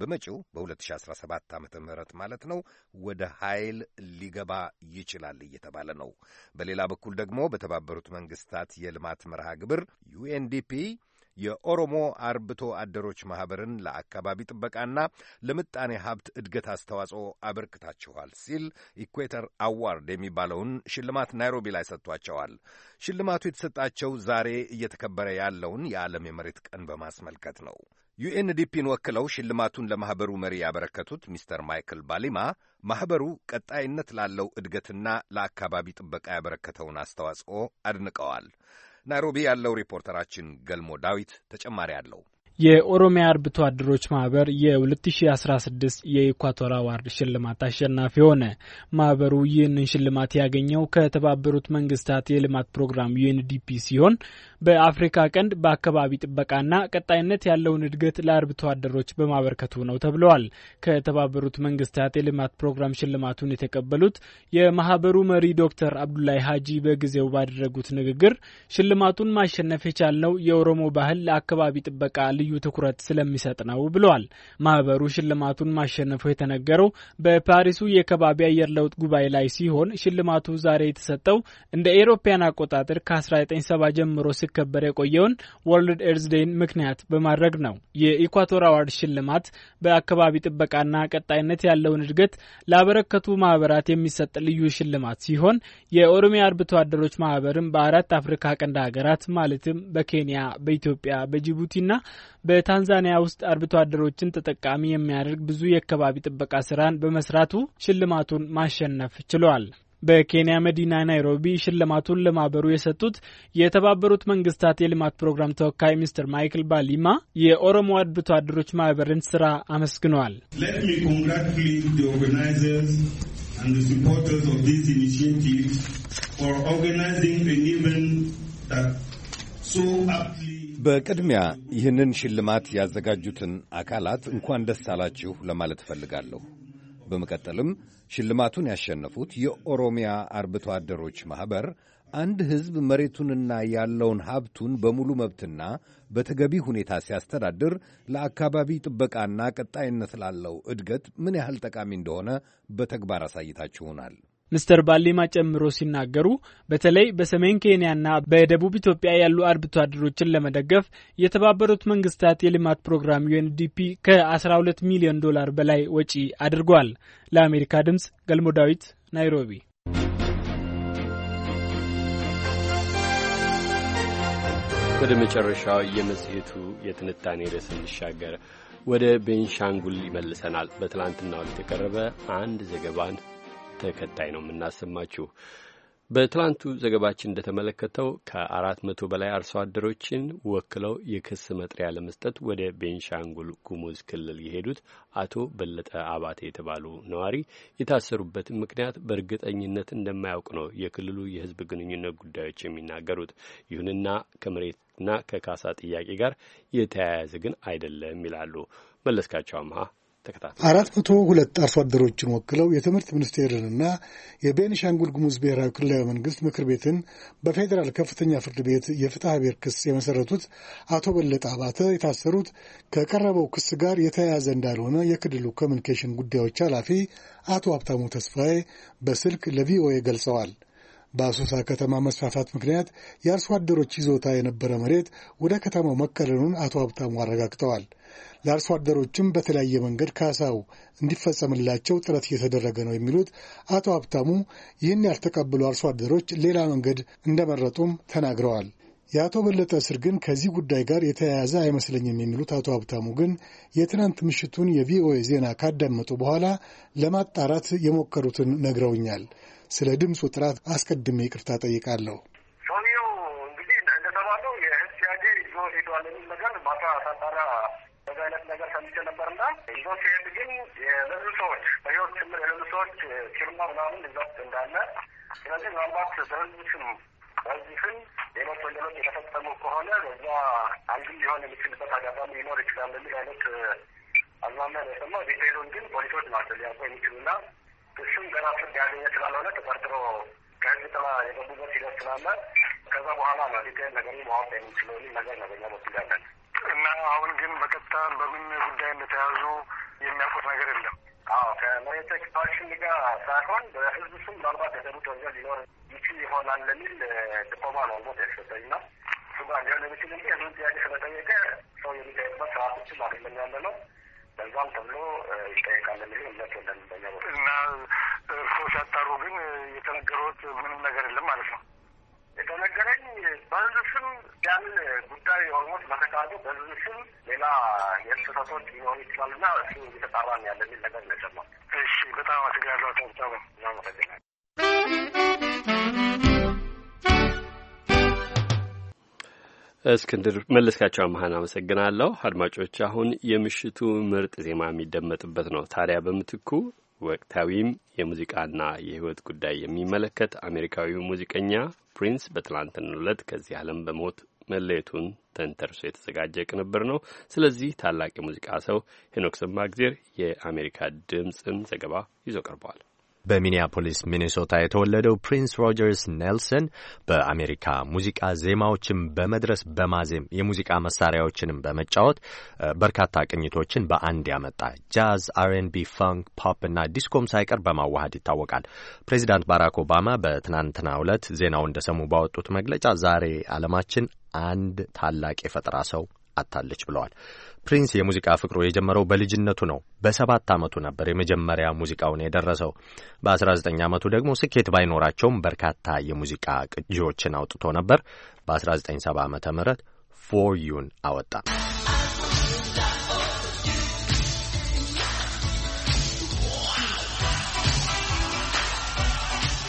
Speaker 14: በመጪው በ2017 ዓ ም ማለት ነው ወደ ኃይል ሊገባ ይችላል እየተባለ ነው። በሌላ በኩል ደግሞ በተባበሩት መንግስታት የልማት መርሃ ግብር ዩኤንዲፒ የኦሮሞ አርብቶ አደሮች ማኅበርን ለአካባቢ ጥበቃና ለምጣኔ ሀብት እድገት አስተዋጽኦ አበርክታችኋል ሲል ኢኩዌተር አዋርድ የሚባለውን ሽልማት ናይሮቢ ላይ ሰጥቷቸዋል። ሽልማቱ የተሰጣቸው ዛሬ እየተከበረ ያለውን የዓለም የመሬት ቀን በማስመልከት ነው። ዩኤንዲፒን ወክለው ሽልማቱን ለማኅበሩ መሪ ያበረከቱት ሚስተር ማይክል ባሊማ ማኅበሩ ቀጣይነት ላለው እድገትና ለአካባቢ ጥበቃ ያበረከተውን አስተዋጽኦ አድንቀዋል። ናይሮቢ ያለው ሪፖርተራችን ገልሞ ዳዊት ተጨማሪ አለው።
Speaker 2: የኦሮሚያ አርብቶ አደሮች ማህበር የ2016 የኢኳቶር አዋርድ ሽልማት አሸናፊ ሆነ። ማህበሩ ይህንን ሽልማት ያገኘው ከተባበሩት መንግስታት የልማት ፕሮግራም ዩኤንዲፒ ሲሆን በአፍሪካ ቀንድ በአካባቢ ጥበቃና ቀጣይነት ያለውን እድገት ለአርብቶ አደሮች በማበርከቱ ነው ተብለዋል። ከተባበሩት መንግስታት የልማት ፕሮግራም ሽልማቱን የተቀበሉት የማህበሩ መሪ ዶክተር አብዱላይ ሀጂ በጊዜው ባደረጉት ንግግር ሽልማቱን ማሸነፍ የቻልነው የኦሮሞ ባህል ለአካባቢ ጥበቃ ልዩ ትኩረት ስለሚሰጥ ነው ብለዋል። ማህበሩ ሽልማቱን ማሸነፉ የተነገረው በፓሪሱ የከባቢ አየር ለውጥ ጉባኤ ላይ ሲሆን ሽልማቱ ዛሬ የተሰጠው እንደ ኤሮፓያን አቆጣጠር ከ1970 ጀምሮ ሲከበር የቆየውን ወርልድ ኤርዝ ዴይን ምክንያት በማድረግ ነው። የኢኳቶር አዋርድ ሽልማት በአካባቢ ጥበቃና ቀጣይነት ያለውን እድገት ላበረከቱ ማህበራት የሚሰጥ ልዩ ሽልማት ሲሆን የኦሮሚያ አርብቶ አደሮች ማህበርም በአራት አፍሪካ ቀንድ ሀገራት ማለትም በኬንያ፣ በኢትዮጵያ፣ በጅቡቲና በታንዛኒያ ውስጥ አርብቶ አደሮችን ተጠቃሚ የሚያደርግ ብዙ የአካባቢ ጥበቃ ስራን በመስራቱ ሽልማቱን ማሸነፍ ችሏል። በኬንያ መዲና ናይሮቢ ሽልማቱን ለማህበሩ የሰጡት የተባበሩት መንግስታት የልማት ፕሮግራም ተወካይ ሚስተር ማይክል ባሊማ የኦሮሞ አርብቶ አደሮች ማህበርን ስራ አመስግነዋል።
Speaker 14: በቅድሚያ ይህንን ሽልማት ያዘጋጁትን አካላት እንኳን ደስ አላችሁ ለማለት እፈልጋለሁ። በመቀጠልም ሽልማቱን ያሸነፉት የኦሮሚያ አርብቶ አደሮች ማኅበር አንድ ሕዝብ መሬቱንና ያለውን ሀብቱን በሙሉ መብትና በተገቢ ሁኔታ ሲያስተዳድር ለአካባቢ ጥበቃና ቀጣይነት ላለው እድገት ምን ያህል ጠቃሚ እንደሆነ በተግባር አሳይታችሁናል።
Speaker 2: ሚስተር ባሌማ ጨምሮ ሲናገሩ በተለይ በሰሜን ኬንያና በደቡብ ኢትዮጵያ ያሉ አርብቶ አደሮችን ለመደገፍ የተባበሩት መንግስታት የልማት ፕሮግራም ዩኤንዲፒ ከ12 ሚሊዮን ዶላር በላይ ወጪ አድርጓል። ለአሜሪካ ድምጽ ገልሞ ዳዊት ናይሮቢ።
Speaker 3: ወደ መጨረሻው የመጽሔቱ የትንታኔ ርዕስ እንሻገር። ወደ ቤንሻንጉል ይመልሰናል። በትላንትናው የተቀረበ አንድ ዘገባን ተከታይ ነው የምናሰማችሁ። በትላንቱ ዘገባችን እንደተመለከተው ከአራት መቶ በላይ አርሶ አደሮችን ወክለው የክስ መጥሪያ ለመስጠት ወደ ቤንሻንጉል ጉሙዝ ክልል የሄዱት አቶ በለጠ አባተ የተባሉ ነዋሪ የታሰሩበት ምክንያት በእርግጠኝነት እንደማያውቅ ነው የክልሉ የሕዝብ ግንኙነት ጉዳዮች የሚናገሩት። ይሁንና ከመሬትና ከካሳ ጥያቄ ጋር የተያያዘ ግን አይደለም ይላሉ። መለስካቸው አምሃ ተከታተል።
Speaker 4: አራት መቶ ሁለት አርሶ አደሮችን ወክለው የትምህርት ሚኒስቴርንና የቤኒሻንጉል ጉሙዝ ብሔራዊ ክልላዊ መንግስት ምክር ቤትን በፌዴራል ከፍተኛ ፍርድ ቤት የፍትሐ ብሔር ክስ የመሰረቱት አቶ በለጠ አባተ የታሰሩት ከቀረበው ክስ ጋር የተያያዘ እንዳልሆነ የክልሉ ኮሚኒኬሽን ጉዳዮች ኃላፊ አቶ ሀብታሙ ተስፋዬ በስልክ ለቪኦኤ ገልጸዋል። በአሶሳ ከተማ መስፋፋት ምክንያት የአርሶ አደሮች ይዞታ የነበረ መሬት ወደ ከተማው መከለሉን አቶ ሀብታሙ አረጋግጠዋል። ለአርሶ አደሮችም በተለያየ መንገድ ካሳው እንዲፈጸምላቸው ጥረት እየተደረገ ነው የሚሉት አቶ ሀብታሙ ይህን ያልተቀበሉ አርሶ አደሮች ሌላ መንገድ እንደመረጡም ተናግረዋል። የአቶ በለጠ እስር ግን ከዚህ ጉዳይ ጋር የተያያዘ አይመስለኝም የሚሉት አቶ ሀብታሙ ግን የትናንት ምሽቱን የቪኦኤ ዜና ካዳመጡ በኋላ ለማጣራት የሞከሩትን ነግረውኛል። ስለ ድምፁ ጥራት አስቀድሜ ይቅርታ ጠይቃለሁ።
Speaker 10: ይዞ ሲሄድ ግን ለብዙ ሰዎች በህይወት ጭምር የለብዙ ሰዎች ፊርማ ምናምን እዛ ውስጥ እንዳለ ስለዚህ ምናልባት በህዝብ ስም በዚህ ሌሎች ወንጀሎች የተፈጸሙ ከሆነ በዛ አንድም ሊሆን የሚችልበት አጋጣሚ ሊኖር ይችላል የሚል አይነት አዝማሚያ ነው የሰማው። ዲቴይሉን ግን ፖሊሶች ናቸው ሊያውቁ የሚችሉና እሱም ገና ፍርድ ያገኘ ስላልሆነ ተጠርጥሮ ከህዝብ ጥላ የገቡበት ሂደት ስላለ ከዛ በኋላ ነው ዲቴይል ነገሩ ማወቅ የሚችለው የሚል ነገር ነገኛ በኛ እና አሁን ግን በቀጥታ በምን ጉዳይ እንደተያዙ የሚያውቁት ነገር የለም። አዎ ከመሬት ኤክስፓንሽን ጋር ሳይሆን በህዝብ ስም ምናልባት የሰሩት ወንጀል ሊኖር ይችል ይሆናል ለሚል ጥቆማ ነው ሞት ያሸጠኝ ና እሱ ጋር ሊሆን የሚችል እንጂ ህዝብ ጥያቄ ስለጠየቀ ሰው የሚጠየቅበት ስርዓቶችን አይደለም ያለ ነው። በዛም ተብሎ ይጠየቃል የሚል እምነት ወደሚበኛ እና እርሶ ሲያጣሩ ግን የተነገሩት ምንም ነገር የለም ማለት ነው። የተነገረኝ በህዝብ ስም ያን ጉዳይ ኦልሞስት በተካሄዱ በህዝብ ስም ሌላ የእንስሳቶች ሊሆን ይችላል እና እሱ እየተጣራን ነው ያለ የሚል ነገር ነጨማ። እሺ፣ በጣም አስጋለሁ። ታብታቡ እናመሰግናል።
Speaker 3: እስክንድር መለስካቸው አመሀን አመሰግናለሁ። አድማጮች፣ አሁን የምሽቱ ምርጥ ዜማ የሚደመጥበት ነው። ታዲያ በምትኩ ወቅታዊም የሙዚቃና የሕይወት ጉዳይ የሚመለከት አሜሪካዊ ሙዚቀኛ ፕሪንስ በትላንትናው ዕለት ከዚህ ዓለም በሞት መለየቱን ተንተርሶ የተዘጋጀ ቅንብር ነው። ስለዚህ ታላቅ የሙዚቃ ሰው ሄኖክ ሰማእግዜር የአሜሪካ ድምፅን ዘገባ ይዞ ቀርቧል።
Speaker 13: በሚኒያፖሊስ ሚኒሶታ የተወለደው ፕሪንስ ሮጀርስ ኔልሰን በአሜሪካ ሙዚቃ ዜማዎችን በመድረስ በማዜም የሙዚቃ መሳሪያዎችንም በመጫወት በርካታ ቅኝቶችን በአንድ ያመጣ ጃዝ፣ አርኤንቢ፣ ፋንክ፣ ፖፕ እና ዲስኮም ሳይቀር በማዋሃድ ይታወቃል። ፕሬዚዳንት ባራክ ኦባማ በትናንትናው ዕለት ዜናው እንደሰሙ ባወጡት መግለጫ ዛሬ ዓለማችን አንድ ታላቅ የፈጠራ ሰው አታለች ብለዋል። ፕሪንስ የሙዚቃ ፍቅሩ የጀመረው በልጅነቱ ነው። በሰባት ዓመቱ ነበር የመጀመሪያ ሙዚቃውን የደረሰው። በ19 ዓመቱ ደግሞ ስኬት ባይኖራቸውም በርካታ የሙዚቃ ቅጂዎችን አውጥቶ ነበር። በ1970 ዓ ም ፎር ዩን አወጣ።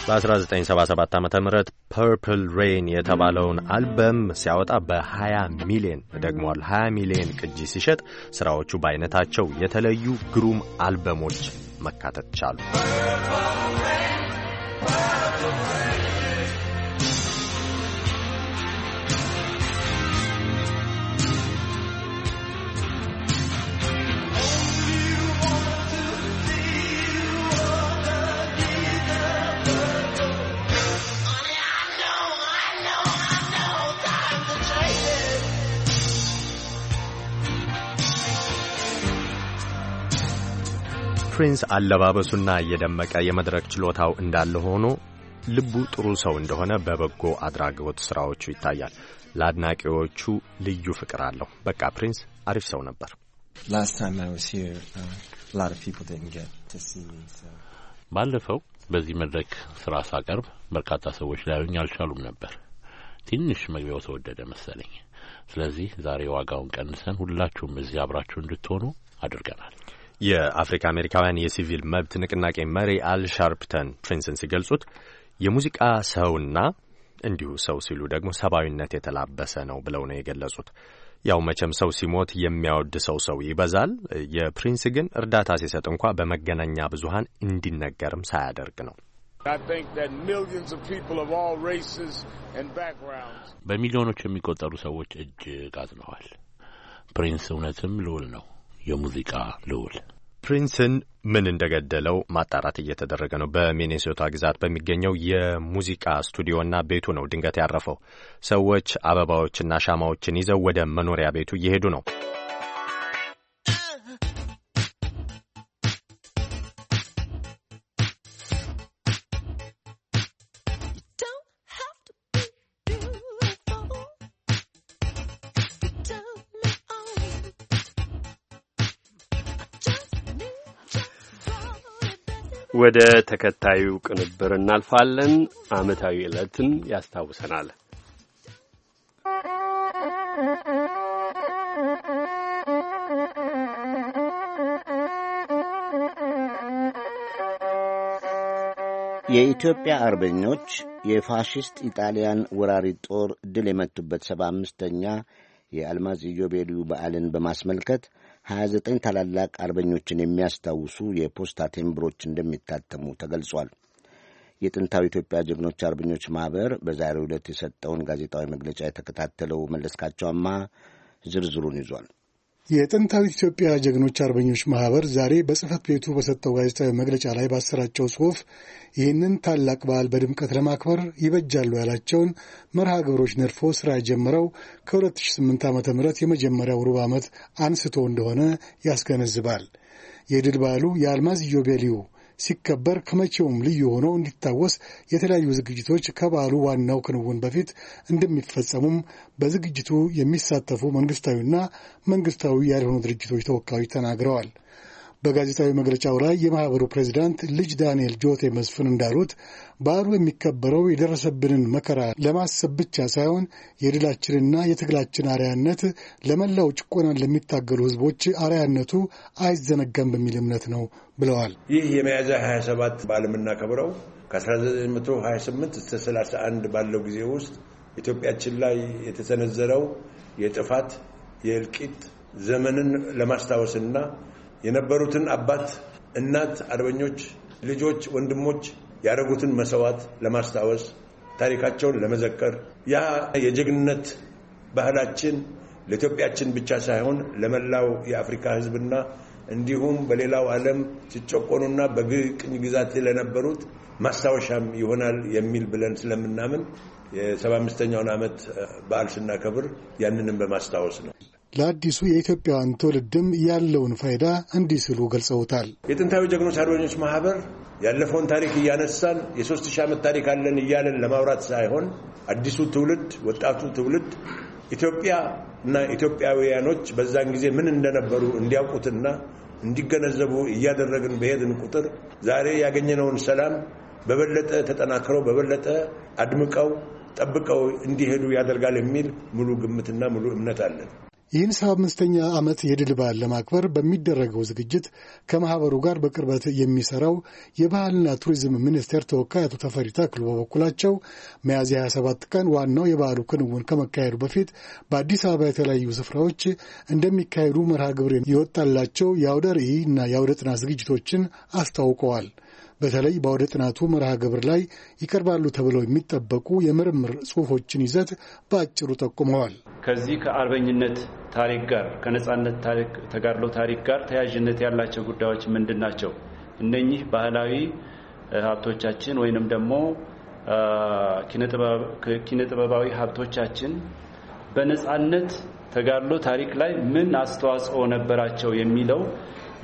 Speaker 13: በ1977 ዓ ም ፐርፕል ሬን የተባለውን አልበም ሲያወጣ በ20 ሚሊዮን ደግሟል፣ 20 ሚሊዮን ቅጂ ሲሸጥ ስራዎቹ በአይነታቸው የተለዩ ግሩም አልበሞች መካተት ቻሉ። የፕሪንስ አለባበሱና የደመቀ የመድረክ ችሎታው እንዳለ ሆኖ ልቡ ጥሩ ሰው እንደሆነ በበጎ አድራጎት ሥራዎቹ ይታያል። ለአድናቂዎቹ ልዩ ፍቅር አለው። በቃ ፕሪንስ አሪፍ ሰው ነበር። uh, ባለፈው በዚህ መድረክ ስራ ሳቀርብ በርካታ ሰዎች ላዩኝ አልቻሉም ነበር። ትንሽ መግቢያው ተወደደ መሰለኝ። ስለዚህ ዛሬ ዋጋውን ቀንሰን ሁላችሁም እዚህ አብራችሁ እንድትሆኑ አድርገናል። የአፍሪካ አሜሪካውያን የሲቪል መብት ንቅናቄ መሪ አል ሻርፕተን ፕሪንስን ሲገልጹት የሙዚቃ ሰውና እንዲሁ ሰው ሲሉ ደግሞ ሰብአዊነት የተላበሰ ነው ብለው ነው የገለጹት። ያው መቼም ሰው ሲሞት የሚያወድ ሰው ሰው ይበዛል። የፕሪንስ ግን እርዳታ ሲሰጥ እንኳ በመገናኛ ብዙሃን እንዲነገርም ሳያደርግ ነው። በሚሊዮኖች የሚቆጠሩ ሰዎች እጅግ አዝነዋል። ፕሪንስ እውነትም ልዑል ነው። የሙዚቃ ልውል ፕሪንስን ምን እንደገደለው ማጣራት እየተደረገ ነው። በሚኔሶታ ግዛት በሚገኘው የሙዚቃ ስቱዲዮና ቤቱ ነው ድንገት ያረፈው። ሰዎች አበባዎችና ሻማዎችን ይዘው ወደ መኖሪያ ቤቱ እየሄዱ ነው።
Speaker 3: ወደ ተከታዩ ቅንብር እናልፋለን። ዓመታዊ ዕለትን ያስታውሰናል።
Speaker 1: የኢትዮጵያ አርበኞች የፋሽስት ኢጣሊያን ወራሪ ጦር ድል የመቱበት ሰባ አምስተኛ የአልማዝ ኢዮቤልዩ በዓልን በማስመልከት 29 ታላላቅ አርበኞችን የሚያስታውሱ የፖስታ ቴምብሮች እንደሚታተሙ ተገልጿል። የጥንታዊ ኢትዮጵያ ጀግኖች አርበኞች ማኅበር በዛሬው ዕለት የሰጠውን ጋዜጣዊ መግለጫ የተከታተለው መለስካቸው አማ ዝርዝሩን ይዟል።
Speaker 4: የጥንታዊት ኢትዮጵያ ጀግኖች አርበኞች ማህበር ዛሬ በጽህፈት ቤቱ በሰጠው ጋዜጣዊ መግለጫ ላይ ባሰራጨው ጽሑፍ ይህንን ታላቅ በዓል በድምቀት ለማክበር ይበጃሉ ያላቸውን መርሃ ግብሮች ነድፎ ስራ የጀመረው ከ2008 ዓ ም የመጀመሪያው ሩብ ዓመት አንስቶ እንደሆነ ያስገነዝባል። የድል በዓሉ የአልማዝ ኢዮቤልዩ ሲከበር ከመቼውም ልዩ ሆኖ እንዲታወስ የተለያዩ ዝግጅቶች ከበዓሉ ዋናው ክንውን በፊት እንደሚፈጸሙም በዝግጅቱ የሚሳተፉ መንግስታዊና መንግስታዊ ያልሆኑ ድርጅቶች ተወካዮች ተናግረዋል። በጋዜጣዊ መግለጫው ላይ የማኅበሩ ፕሬዚዳንት ልጅ ዳንኤል ጆቴ መስፍን እንዳሉት በዓሉ የሚከበረው የደረሰብንን መከራ ለማሰብ ብቻ ሳይሆን የድላችንና የትግላችን አርያነት ለመላው ጭቆናን ለሚታገሉ ሕዝቦች አርያነቱ አይዘነጋም በሚል እምነት ነው
Speaker 6: ብለዋል። ይህ የሚያዝያ 27 በዓል የምናከብረው ከ1928 እስከ 31 ባለው ጊዜ ውስጥ ኢትዮጵያችን ላይ የተሰነዘረው የጥፋት የእልቂት ዘመንን ለማስታወስና የነበሩትን አባት፣ እናት፣ አርበኞች፣ ልጆች፣ ወንድሞች ያደረጉትን መሰዋት ለማስታወስ ታሪካቸውን ለመዘከር ያ የጀግንነት ባህላችን ለኢትዮጵያችን ብቻ ሳይሆን ለመላው የአፍሪካ ሕዝብና እንዲሁም በሌላው ዓለም ሲጨቆኑና በቅኝ ግዛት ለነበሩት ማስታወሻም ይሆናል የሚል ብለን ስለምናምን የሰባ አምስተኛውን ዓመት በዓል ስናከብር ያንንም በማስታወስ ነው።
Speaker 4: ለአዲሱ የኢትዮጵያውያን ትውልድም ያለውን ፋይዳ እንዲህ ሲሉ ገልጸውታል።
Speaker 6: የጥንታዊ ጀግኖች አርበኞች ማህበር ያለፈውን ታሪክ እያነሳን የሶስት ሺህ ዓመት ታሪክ አለን እያለን ለማውራት ሳይሆን አዲሱ ትውልድ ወጣቱ ትውልድ ኢትዮጵያ እና ኢትዮጵያውያኖች በዛን ጊዜ ምን እንደነበሩ እንዲያውቁትና እንዲገነዘቡ እያደረግን በሄድን ቁጥር ዛሬ ያገኘነውን ሰላም በበለጠ ተጠናክረው በበለጠ አድምቀው ጠብቀው እንዲሄዱ ያደርጋል የሚል ሙሉ ግምትና ሙሉ እምነት አለን።
Speaker 4: ይህን ሰባ አምስተኛ ዓመት የድል በዓል ለማክበር በሚደረገው ዝግጅት ከማኅበሩ ጋር በቅርበት የሚሠራው የባህልና ቱሪዝም ሚኒስቴር ተወካይ አቶ ተፈሪ ተክሉ በበኩላቸው ሚያዝያ 27 ቀን ዋናው የበዓሉ ክንውን ከመካሄዱ በፊት በአዲስ አበባ የተለያዩ ስፍራዎች እንደሚካሄዱ መርሃ ግብር የወጣላቸው የአውደ ርዕይ እና የአውደ ጥናት ዝግጅቶችን አስታውቀዋል። በተለይ በአውደ ጥናቱ መርሃ ግብር ላይ ይቀርባሉ ተብለው የሚጠበቁ የምርምር ጽሑፎችን ይዘት በአጭሩ ጠቁመዋል።
Speaker 16: ከዚህ ከአርበኝነት ታሪክ ጋር ከነጻነት ታሪክ ተጋድሎ ታሪክ ጋር ተያያዥነት ያላቸው ጉዳዮች ምንድን ናቸው? እነኚህ ባህላዊ ሀብቶቻችን ወይንም ደግሞ ኪነ ጥበባዊ ሀብቶቻችን በነጻነት ተጋድሎ ታሪክ ላይ ምን አስተዋጽኦ ነበራቸው የሚለው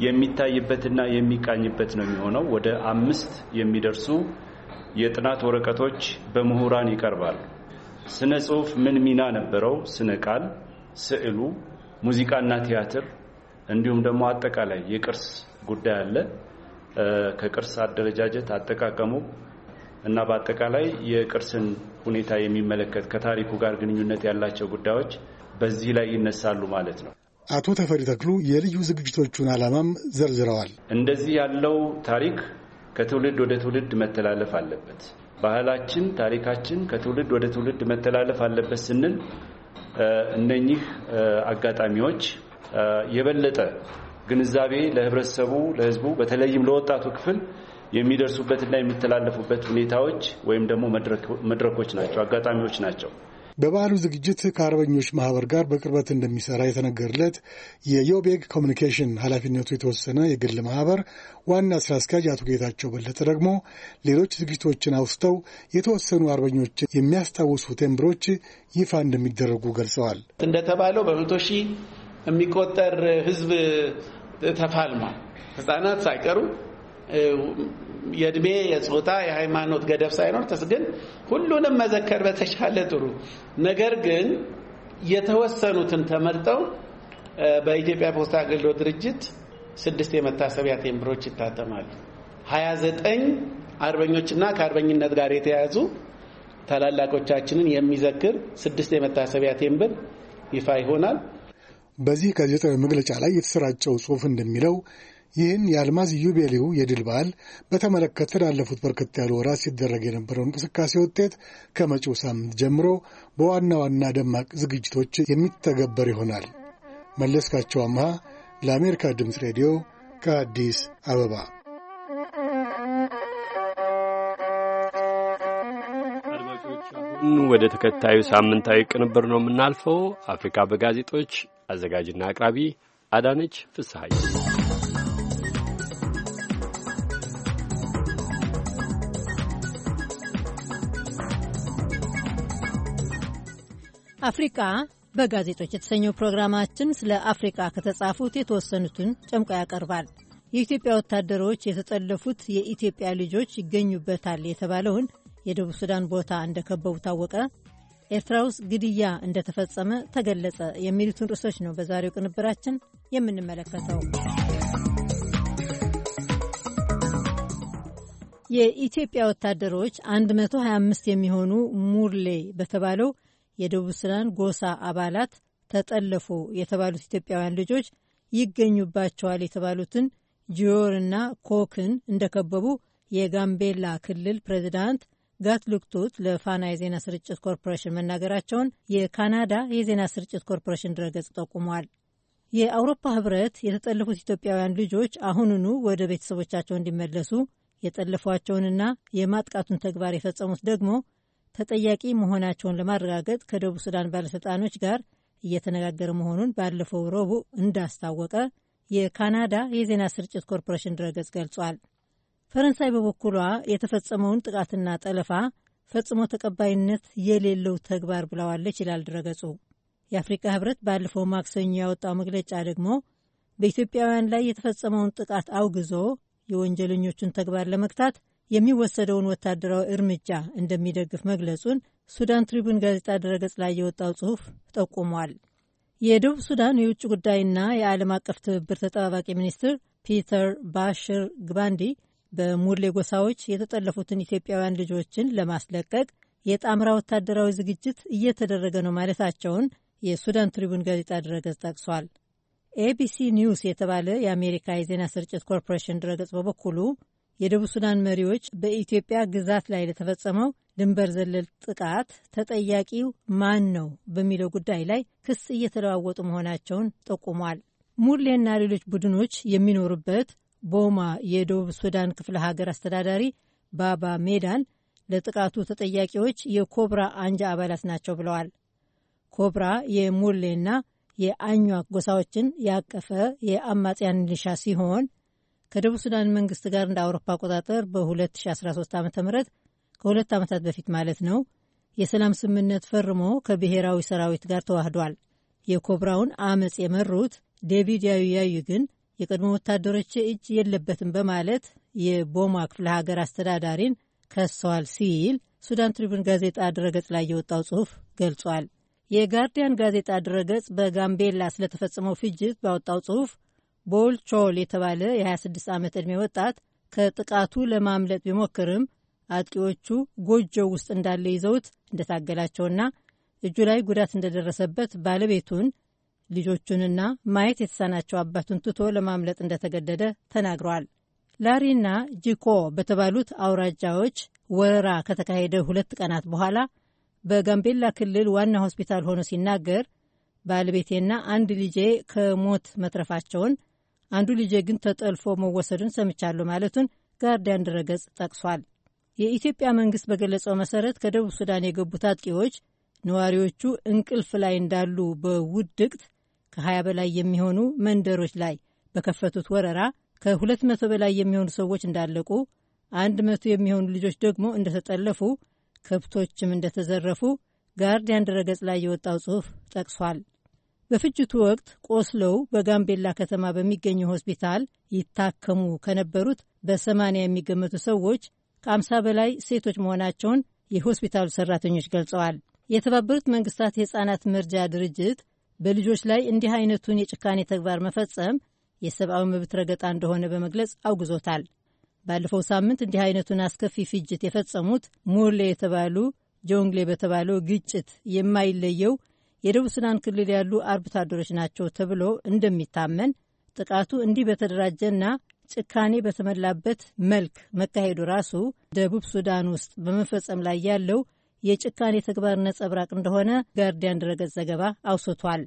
Speaker 16: የሚታይበትና የሚቃኝበት ነው የሚሆነው። ወደ አምስት የሚደርሱ የጥናት ወረቀቶች በምሁራን ይቀርባሉ። ስነ ጽሁፍ ምን ሚና ነበረው? ስነ ቃል፣ ስዕሉ፣ ሙዚቃና ቲያትር እንዲሁም ደግሞ አጠቃላይ የቅርስ ጉዳይ አለ። ከቅርስ አደረጃጀት አጠቃቀሙ እና በአጠቃላይ የቅርስን ሁኔታ የሚመለከት ከታሪኩ ጋር ግንኙነት ያላቸው ጉዳዮች በዚህ ላይ ይነሳሉ ማለት ነው።
Speaker 4: አቶ ተፈሪ ተክሉ የልዩ ዝግጅቶቹን ዓላማም ዘርዝረዋል።
Speaker 16: እንደዚህ ያለው ታሪክ ከትውልድ ወደ ትውልድ መተላለፍ አለበት። ባህላችን፣ ታሪካችን ከትውልድ ወደ ትውልድ መተላለፍ አለበት ስንል እነኚህ አጋጣሚዎች የበለጠ ግንዛቤ ለህብረተሰቡ፣ ለህዝቡ በተለይም ለወጣቱ ክፍል የሚደርሱበትና የሚተላለፉበት ሁኔታዎች ወይም ደግሞ መድረኮች ናቸው፣ አጋጣሚዎች ናቸው።
Speaker 4: በባህሉ ዝግጅት ከአርበኞች ማህበር ጋር በቅርበት እንደሚሰራ የተነገርለት የዮቤግ ኮሚኒኬሽን ኃላፊነቱ የተወሰነ የግል ማህበር ዋና ስራ አስኪያጅ አቶ ጌታቸው በለጠ ደግሞ ሌሎች ዝግጅቶችን አውስተው የተወሰኑ አርበኞችን የሚያስታውሱ ቴምብሮች ይፋ እንደሚደረጉ ገልጸዋል።
Speaker 2: እንደተባለው በመቶ ሺህ የሚቆጠር ህዝብ ተፋልሟል። ህጻናት ሳይቀሩ የእድሜ የጾታ የሃይማኖት ገደብ ሳይኖር ግን ሁሉንም መዘከር በተቻለ ጥሩ ነገር ግን የተወሰኑትን ተመርጠው በኢትዮጵያ ፖስታ አገልግሎት ድርጅት ስድስት የመታሰቢያ ቴምብሮች ይታተማሉ። ሀያ ዘጠኝ አርበኞችና ከአርበኝነት ጋር የተያያዙ ታላላቆቻችንን የሚዘክር ስድስት የመታሰቢያ ቴምብር ይፋ ይሆናል።
Speaker 4: በዚህ ጋዜጣዊ መግለጫ ላይ የተሰራጨው ጽሑፍ እንደሚለው ይህን የአልማዝ ዩቤሌው የድል በዓል በተመለከተ ላለፉት በርከት ያሉ ወራት ሲደረግ የነበረው እንቅስቃሴ ውጤት ከመጪው ሳምንት ጀምሮ በዋና ዋና ደማቅ ዝግጅቶች የሚተገበር ይሆናል። መለስካቸው አምሃ ለአሜሪካ ድምፅ ሬዲዮ ከአዲስ አበባ
Speaker 3: ወደ ተከታዩ ሳምንታዊ ቅንብር ነው የምናልፈው። አፍሪካ በጋዜጦች አዘጋጅና አቅራቢ አዳነች ፍስሐይ
Speaker 17: አፍሪቃ በጋዜጦች የተሰኘው ፕሮግራማችን ስለ አፍሪቃ ከተጻፉት የተወሰኑትን ጨምቆ ያቀርባል። የኢትዮጵያ ወታደሮች የተጠለፉት የኢትዮጵያ ልጆች ይገኙበታል የተባለውን የደቡብ ሱዳን ቦታ እንደከበቡ ታወቀ፣ ኤርትራ ውስጥ ግድያ እንደተፈጸመ ተገለጸ፣ የሚሉትን ርዕሶች ነው በዛሬው ቅንብራችን የምንመለከተው። የኢትዮጵያ ወታደሮች 125 የሚሆኑ ሙርሌ በተባለው የደቡብ ሱዳን ጎሳ አባላት ተጠለፉ የተባሉት ኢትዮጵያውያን ልጆች ይገኙባቸዋል የተባሉትን ጂዮርና ኮክን እንደከበቡ የጋምቤላ ክልል ፕሬዚዳንት ጋት ሉክቱት ለፋና የዜና ስርጭት ኮርፖሬሽን መናገራቸውን የካናዳ የዜና ስርጭት ኮርፖሬሽን ድረገጽ ጠቁሟል። የአውሮፓ ህብረት የተጠለፉት ኢትዮጵያውያን ልጆች አሁኑኑ ወደ ቤተሰቦቻቸው እንዲመለሱ የጠለፏቸውንና የማጥቃቱን ተግባር የፈጸሙት ደግሞ ተጠያቂ መሆናቸውን ለማረጋገጥ ከደቡብ ሱዳን ባለሥልጣኖች ጋር እየተነጋገረ መሆኑን ባለፈው ረቡዕ እንዳስታወቀ የካናዳ የዜና ስርጭት ኮርፖሬሽን ድረገጽ ገልጿል። ፈረንሳይ በበኩሏ የተፈጸመውን ጥቃትና ጠለፋ ፈጽሞ ተቀባይነት የሌለው ተግባር ብለዋለች ይላል ድረገጹ። የአፍሪካ ህብረት ባለፈው ማክሰኞ ያወጣው መግለጫ ደግሞ በኢትዮጵያውያን ላይ የተፈጸመውን ጥቃት አውግዞ የወንጀለኞቹን ተግባር ለመግታት የሚወሰደውን ወታደራዊ እርምጃ እንደሚደግፍ መግለጹን ሱዳን ትሪቡን ጋዜጣ ድረገጽ ላይ የወጣው ጽሑፍ ጠቁሟል። የደቡብ ሱዳን የውጭ ጉዳይና የዓለም አቀፍ ትብብር ተጠባባቂ ሚኒስትር ፒተር ባሽር ግባንዲ በሙርሌ ጎሳዎች የተጠለፉትን ኢትዮጵያውያን ልጆችን ለማስለቀቅ የጣምራ ወታደራዊ ዝግጅት እየተደረገ ነው ማለታቸውን የሱዳን ትሪቡን ጋዜጣ ድረገጽ ጠቅሷል። ኤቢሲ ኒውስ የተባለ የአሜሪካ የዜና ስርጭት ኮርፖሬሽን ድረገጽ በበኩሉ የደቡብ ሱዳን መሪዎች በኢትዮጵያ ግዛት ላይ ለተፈጸመው ድንበር ዘለል ጥቃት ተጠያቂው ማን ነው በሚለው ጉዳይ ላይ ክስ እየተለዋወጡ መሆናቸውን ጠቁሟል። ሙርሌና ሌሎች ቡድኖች የሚኖሩበት ቦማ የደቡብ ሱዳን ክፍለ ሀገር አስተዳዳሪ ባባ ሜዳን ለጥቃቱ ተጠያቂዎች የኮብራ አንጃ አባላት ናቸው ብለዋል። ኮብራ የሙርሌና የአኟ ጎሳዎችን ያቀፈ የአማጽያን ሚሊሻ ሲሆን ከደቡብ ሱዳን መንግስት ጋር እንደ አውሮፓ አቆጣጠር በ2013 ዓ ም ከሁለት ዓመታት በፊት ማለት ነው የሰላም ስምምነት ፈርሞ ከብሔራዊ ሰራዊት ጋር ተዋህዷል። የኮብራውን አመፅ የመሩት ዴቪድ ያዩ ያዩ ግን የቀድሞ ወታደሮች እጅ የለበትም በማለት የቦማ ክፍለ ሀገር አስተዳዳሪን ከሰዋል ሲል ሱዳን ትሪቡን ጋዜጣ ድረገጽ ላይ የወጣው ጽሑፍ ገልጿል። የጋርዲያን ጋዜጣ ድረገጽ በጋምቤላ ስለተፈጸመው ፍጅት ባወጣው ጽሑፍ ቦል ቾል የተባለ የ26 ዓመት ዕድሜ ወጣት ከጥቃቱ ለማምለጥ ቢሞክርም አጥቂዎቹ ጎጆ ውስጥ እንዳለ ይዘውት እንደታገላቸውና እጁ ላይ ጉዳት እንደደረሰበት ባለቤቱን ልጆቹንና ማየት የተሳናቸው አባቱን ትቶ ለማምለጥ እንደተገደደ ተናግረዋል። ላሪና ጂኮ በተባሉት አውራጃዎች ወረራ ከተካሄደ ሁለት ቀናት በኋላ በጋምቤላ ክልል ዋና ሆስፒታል ሆኖ ሲናገር ባለቤቴና አንድ ልጄ ከሞት መትረፋቸውን አንዱ ልጄ ግን ተጠልፎ መወሰዱን ሰምቻለሁ ማለቱን ጋርዲያን ድረገጽ ጠቅሷል። የኢትዮጵያ መንግስት በገለጸው መሰረት ከደቡብ ሱዳን የገቡት አጥቂዎች ነዋሪዎቹ እንቅልፍ ላይ እንዳሉ በውድቅት ከ20 በላይ የሚሆኑ መንደሮች ላይ በከፈቱት ወረራ ከ200 በላይ የሚሆኑ ሰዎች እንዳለቁ፣ 100 የሚሆኑ ልጆች ደግሞ እንደተጠለፉ፣ ከብቶችም እንደተዘረፉ ጋርዲያን ድረገጽ ላይ የወጣው ጽሑፍ ጠቅሷል። በፍጅቱ ወቅት ቆስለው በጋምቤላ ከተማ በሚገኘው ሆስፒታል ይታከሙ ከነበሩት በሰማንያ የሚገመቱ ሰዎች ከአምሳ በላይ ሴቶች መሆናቸውን የሆስፒታሉ ሰራተኞች ገልጸዋል። የተባበሩት መንግስታት የሕፃናት መርጃ ድርጅት በልጆች ላይ እንዲህ አይነቱን የጭካኔ ተግባር መፈጸም የሰብአዊ መብት ረገጣ እንደሆነ በመግለጽ አውግዞታል። ባለፈው ሳምንት እንዲህ አይነቱን አስከፊ ፍጅት የፈጸሙት ሞርሌ የተባሉ ጆንግሌ በተባለው ግጭት የማይለየው የደቡብ ሱዳን ክልል ያሉ አርብ አደሮች ናቸው ተብሎ እንደሚታመን ጥቃቱ እንዲህ በተደራጀና ጭካኔ በተሞላበት መልክ መካሄዱ ራሱ ደቡብ ሱዳን ውስጥ በመፈጸም ላይ ያለው የጭካኔ ተግባር ነጸብራቅ እንደሆነ ጋርዲያን ድረገጽ ዘገባ አውስቷል።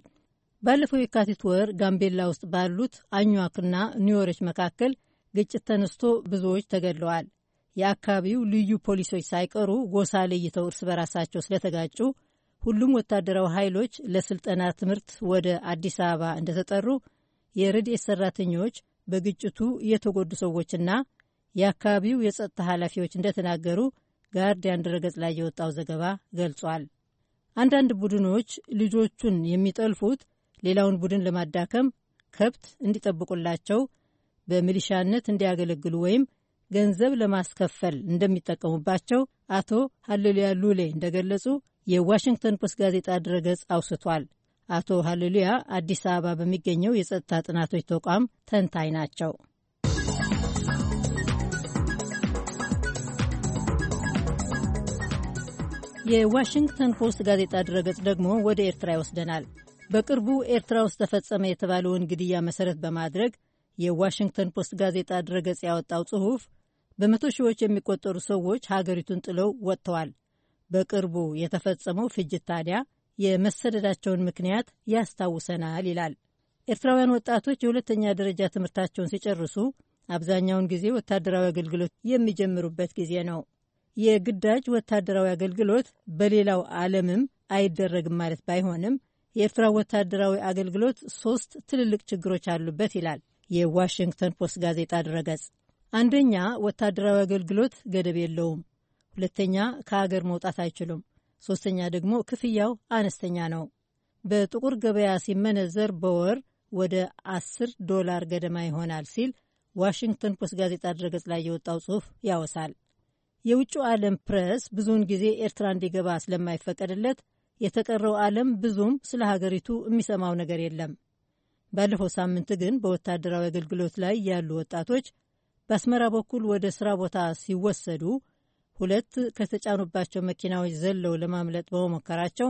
Speaker 17: ባለፈው የካቲት ወር ጋምቤላ ውስጥ ባሉት አኟክና ኒዮሮች መካከል ግጭት ተነስቶ ብዙዎች ተገድለዋል። የአካባቢው ልዩ ፖሊሶች ሳይቀሩ ጎሳ ለይተው እርስ በራሳቸው ስለተጋጩ ሁሉም ወታደራዊ ኃይሎች ለስልጠና ትምህርት ወደ አዲስ አበባ እንደተጠሩ የረድኤት ሰራተኞች፣ በግጭቱ የተጎዱ ሰዎችና የአካባቢው የጸጥታ ኃላፊዎች እንደተናገሩ ጋርዲያን ድረገጽ ላይ የወጣው ዘገባ ገልጿል። አንዳንድ ቡድኖች ልጆቹን የሚጠልፉት ሌላውን ቡድን ለማዳከም ከብት እንዲጠብቁላቸው በሚሊሻነት እንዲያገለግሉ ወይም ገንዘብ ለማስከፈል እንደሚጠቀሙባቸው አቶ ሀለሉያ ሉሌ እንደገለጹ የዋሽንግተን ፖስት ጋዜጣ ድረገጽ አውስቷል። አቶ ሀሌሉያ አዲስ አበባ በሚገኘው የጸጥታ ጥናቶች ተቋም ተንታኝ ናቸው። የዋሽንግተን ፖስት ጋዜጣ ድረገጽ ደግሞ ወደ ኤርትራ ይወስደናል። በቅርቡ ኤርትራ ውስጥ ተፈጸመ የተባለውን ግድያ መሰረት በማድረግ የዋሽንግተን ፖስት ጋዜጣ ድረገጽ ያወጣው ጽሑፍ በመቶ ሺዎች የሚቆጠሩ ሰዎች ሀገሪቱን ጥለው ወጥተዋል በቅርቡ የተፈጸመው ፍጅት ታዲያ የመሰደዳቸውን ምክንያት ያስታውሰናል ይላል። ኤርትራውያን ወጣቶች የሁለተኛ ደረጃ ትምህርታቸውን ሲጨርሱ አብዛኛውን ጊዜ ወታደራዊ አገልግሎት የሚጀምሩበት ጊዜ ነው። የግዳጅ ወታደራዊ አገልግሎት በሌላው ዓለምም አይደረግም ማለት ባይሆንም የኤርትራ ወታደራዊ አገልግሎት ሶስት ትልልቅ ችግሮች አሉበት ይላል የዋሽንግተን ፖስት ጋዜጣ ድረገጽ። አንደኛ፣ ወታደራዊ አገልግሎት ገደብ የለውም። ሁለተኛ ከሀገር መውጣት አይችሉም፣ ሶስተኛ ደግሞ ክፍያው አነስተኛ ነው። በጥቁር ገበያ ሲመነዘር በወር ወደ 10 ዶላር ገደማ ይሆናል ሲል ዋሽንግተን ፖስት ጋዜጣ ድረገጽ ላይ የወጣው ጽሑፍ ያወሳል። የውጭው ዓለም ፕሬስ ብዙውን ጊዜ ኤርትራ እንዲገባ ስለማይፈቀድለት የተቀረው ዓለም ብዙም ስለ ሀገሪቱ የሚሰማው ነገር የለም። ባለፈው ሳምንት ግን በወታደራዊ አገልግሎት ላይ ያሉ ወጣቶች በአስመራ በኩል ወደ ስራ ቦታ ሲወሰዱ ሁለት ከተጫኑባቸው መኪናዎች ዘለው ለማምለጥ በመሞከራቸው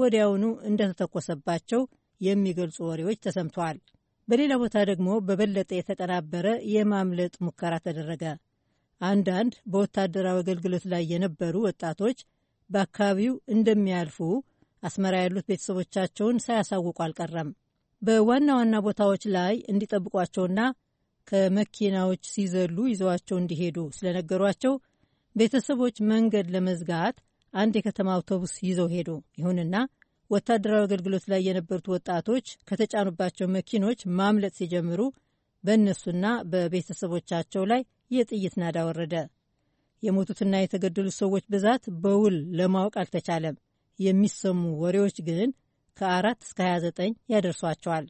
Speaker 17: ወዲያውኑ እንደተተኮሰባቸው የሚገልጹ ወሬዎች ተሰምተዋል። በሌላ ቦታ ደግሞ በበለጠ የተቀናበረ የማምለጥ ሙከራ ተደረገ። አንዳንድ በወታደራዊ አገልግሎት ላይ የነበሩ ወጣቶች በአካባቢው እንደሚያልፉ አስመራ ያሉት ቤተሰቦቻቸውን ሳያሳውቁ አልቀረም። በዋና ዋና ቦታዎች ላይ እንዲጠብቋቸውና ከመኪናዎች ሲዘሉ ይዘዋቸው እንዲሄዱ ስለነገሯቸው ቤተሰቦች መንገድ ለመዝጋት አንድ የከተማ አውቶቡስ ይዘው ሄዱ። ይሁንና ወታደራዊ አገልግሎት ላይ የነበሩት ወጣቶች ከተጫኑባቸው መኪኖች ማምለጥ ሲጀምሩ በእነሱና በቤተሰቦቻቸው ላይ የጥይት ናዳ ወረደ። የሞቱትና የተገደሉት ሰዎች ብዛት በውል ለማወቅ አልተቻለም። የሚሰሙ ወሬዎች ግን ከአራት እስከ 29 ያደርሷቸዋል።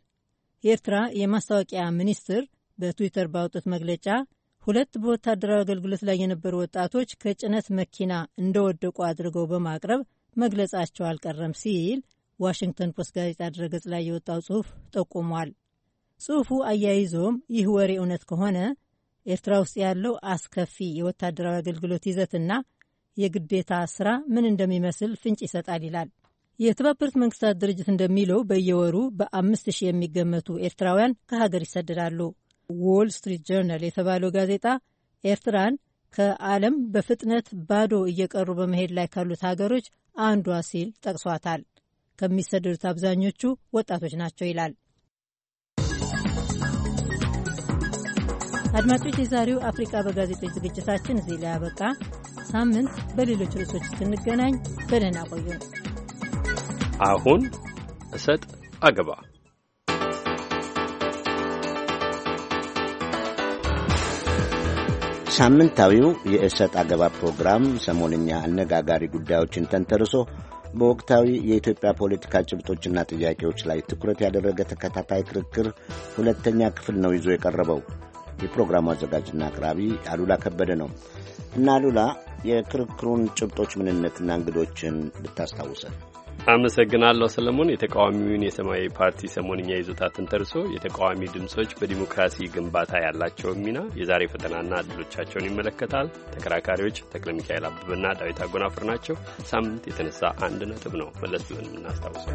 Speaker 17: የኤርትራ የማስታወቂያ ሚኒስትር በትዊተር ባወጡት መግለጫ ሁለት በወታደራዊ አገልግሎት ላይ የነበሩ ወጣቶች ከጭነት መኪና እንደወደቁ አድርገው በማቅረብ መግለጻቸው አልቀረም ሲል ዋሽንግተን ፖስት ጋዜጣ ድረገጽ ላይ የወጣው ጽሑፍ ጠቁሟል። ጽሑፉ አያይዞም ይህ ወሬ እውነት ከሆነ ኤርትራ ውስጥ ያለው አስከፊ የወታደራዊ አገልግሎት ይዘትና የግዴታ ስራ ምን እንደሚመስል ፍንጭ ይሰጣል ይላል። የተባበሩት መንግስታት ድርጅት እንደሚለው በየወሩ በአምስት ሺህ የሚገመቱ ኤርትራውያን ከሀገር ይሰደዳሉ። ዎል ስትሪት ጆርናል የተባለው ጋዜጣ ኤርትራን ከዓለም በፍጥነት ባዶ እየቀሩ በመሄድ ላይ ካሉት ሀገሮች አንዷ ሲል ጠቅሷታል። ከሚሰደዱት አብዛኞቹ ወጣቶች ናቸው ይላል። አድማጮች፣ የዛሬው አፍሪቃ በጋዜጦች ዝግጅታችን እዚህ ላይ ያበቃ። ሳምንት በሌሎች ርዕሶች እስክንገናኝ በደህና ቆዩ።
Speaker 3: አሁን እሰጥ አገባ
Speaker 1: ሳምንታዊው የእሰጥ አገባ ፕሮግራም ሰሞንኛ አነጋጋሪ ጉዳዮችን ተንተርሶ በወቅታዊ የኢትዮጵያ ፖለቲካ ጭብጦችና ጥያቄዎች ላይ ትኩረት ያደረገ ተከታታይ ክርክር ሁለተኛ ክፍል ነው ይዞ የቀረበው። የፕሮግራሙ አዘጋጅና አቅራቢ አሉላ ከበደ ነው እና አሉላ የክርክሩን ጭብጦች ምንነትና እንግዶችን ብታስታውሰን።
Speaker 3: አመሰግናለሁ ሰለሞን። የተቃዋሚውን የሰማያዊ ፓርቲ ሰሞንኛ ይዞታ ተንተርሶ የተቃዋሚ ድምጾች በዲሞክራሲ ግንባታ ያላቸውን ሚና፣ የዛሬ ፈተናና እድሎቻቸውን ይመለከታል። ተከራካሪዎች ተክለ ሚካኤል አበበና ዳዊት አጎናፍር ናቸው። ሳምንት የተነሳ አንድ ነጥብ ነው መለስ ብለን የምናስታውሰው።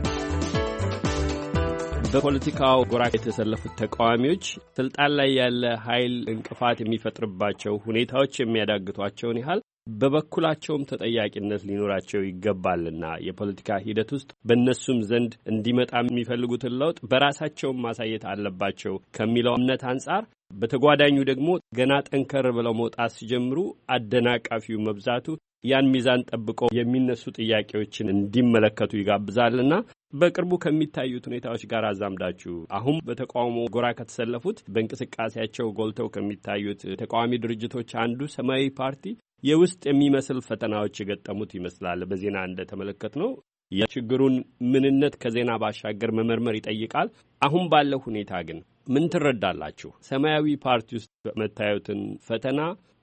Speaker 3: በፖለቲካው ጎራ የተሰለፉት ተቃዋሚዎች ስልጣን ላይ ያለ ኃይል እንቅፋት የሚፈጥርባቸው ሁኔታዎች የሚያዳግቷቸውን ያህል በበኩላቸውም ተጠያቂነት ሊኖራቸው ይገባልና የፖለቲካ ሂደት ውስጥ በእነሱም ዘንድ እንዲመጣ የሚፈልጉትን ለውጥ በራሳቸውም ማሳየት አለባቸው ከሚለው እምነት አንጻር፣ በተጓዳኙ ደግሞ ገና ጠንከር ብለው መውጣት ሲጀምሩ አደናቃፊው መብዛቱ ያን ሚዛን ጠብቆ የሚነሱ ጥያቄዎችን እንዲመለከቱ ይጋብዛልና በቅርቡ ከሚታዩት ሁኔታዎች ጋር አዛምዳችሁ አሁን በተቃውሞ ጎራ ከተሰለፉት በእንቅስቃሴያቸው ጎልተው ከሚታዩት ተቃዋሚ ድርጅቶች አንዱ ሰማያዊ ፓርቲ የውስጥ የሚመስል ፈተናዎች የገጠሙት ይመስላል። በዜና እንደተመለከት ነው የችግሩን ምንነት ከዜና ባሻገር መመርመር ይጠይቃል። አሁን ባለው ሁኔታ ግን ምን ትረዳላችሁ? ሰማያዊ ፓርቲ ውስጥ መታየትን ፈተና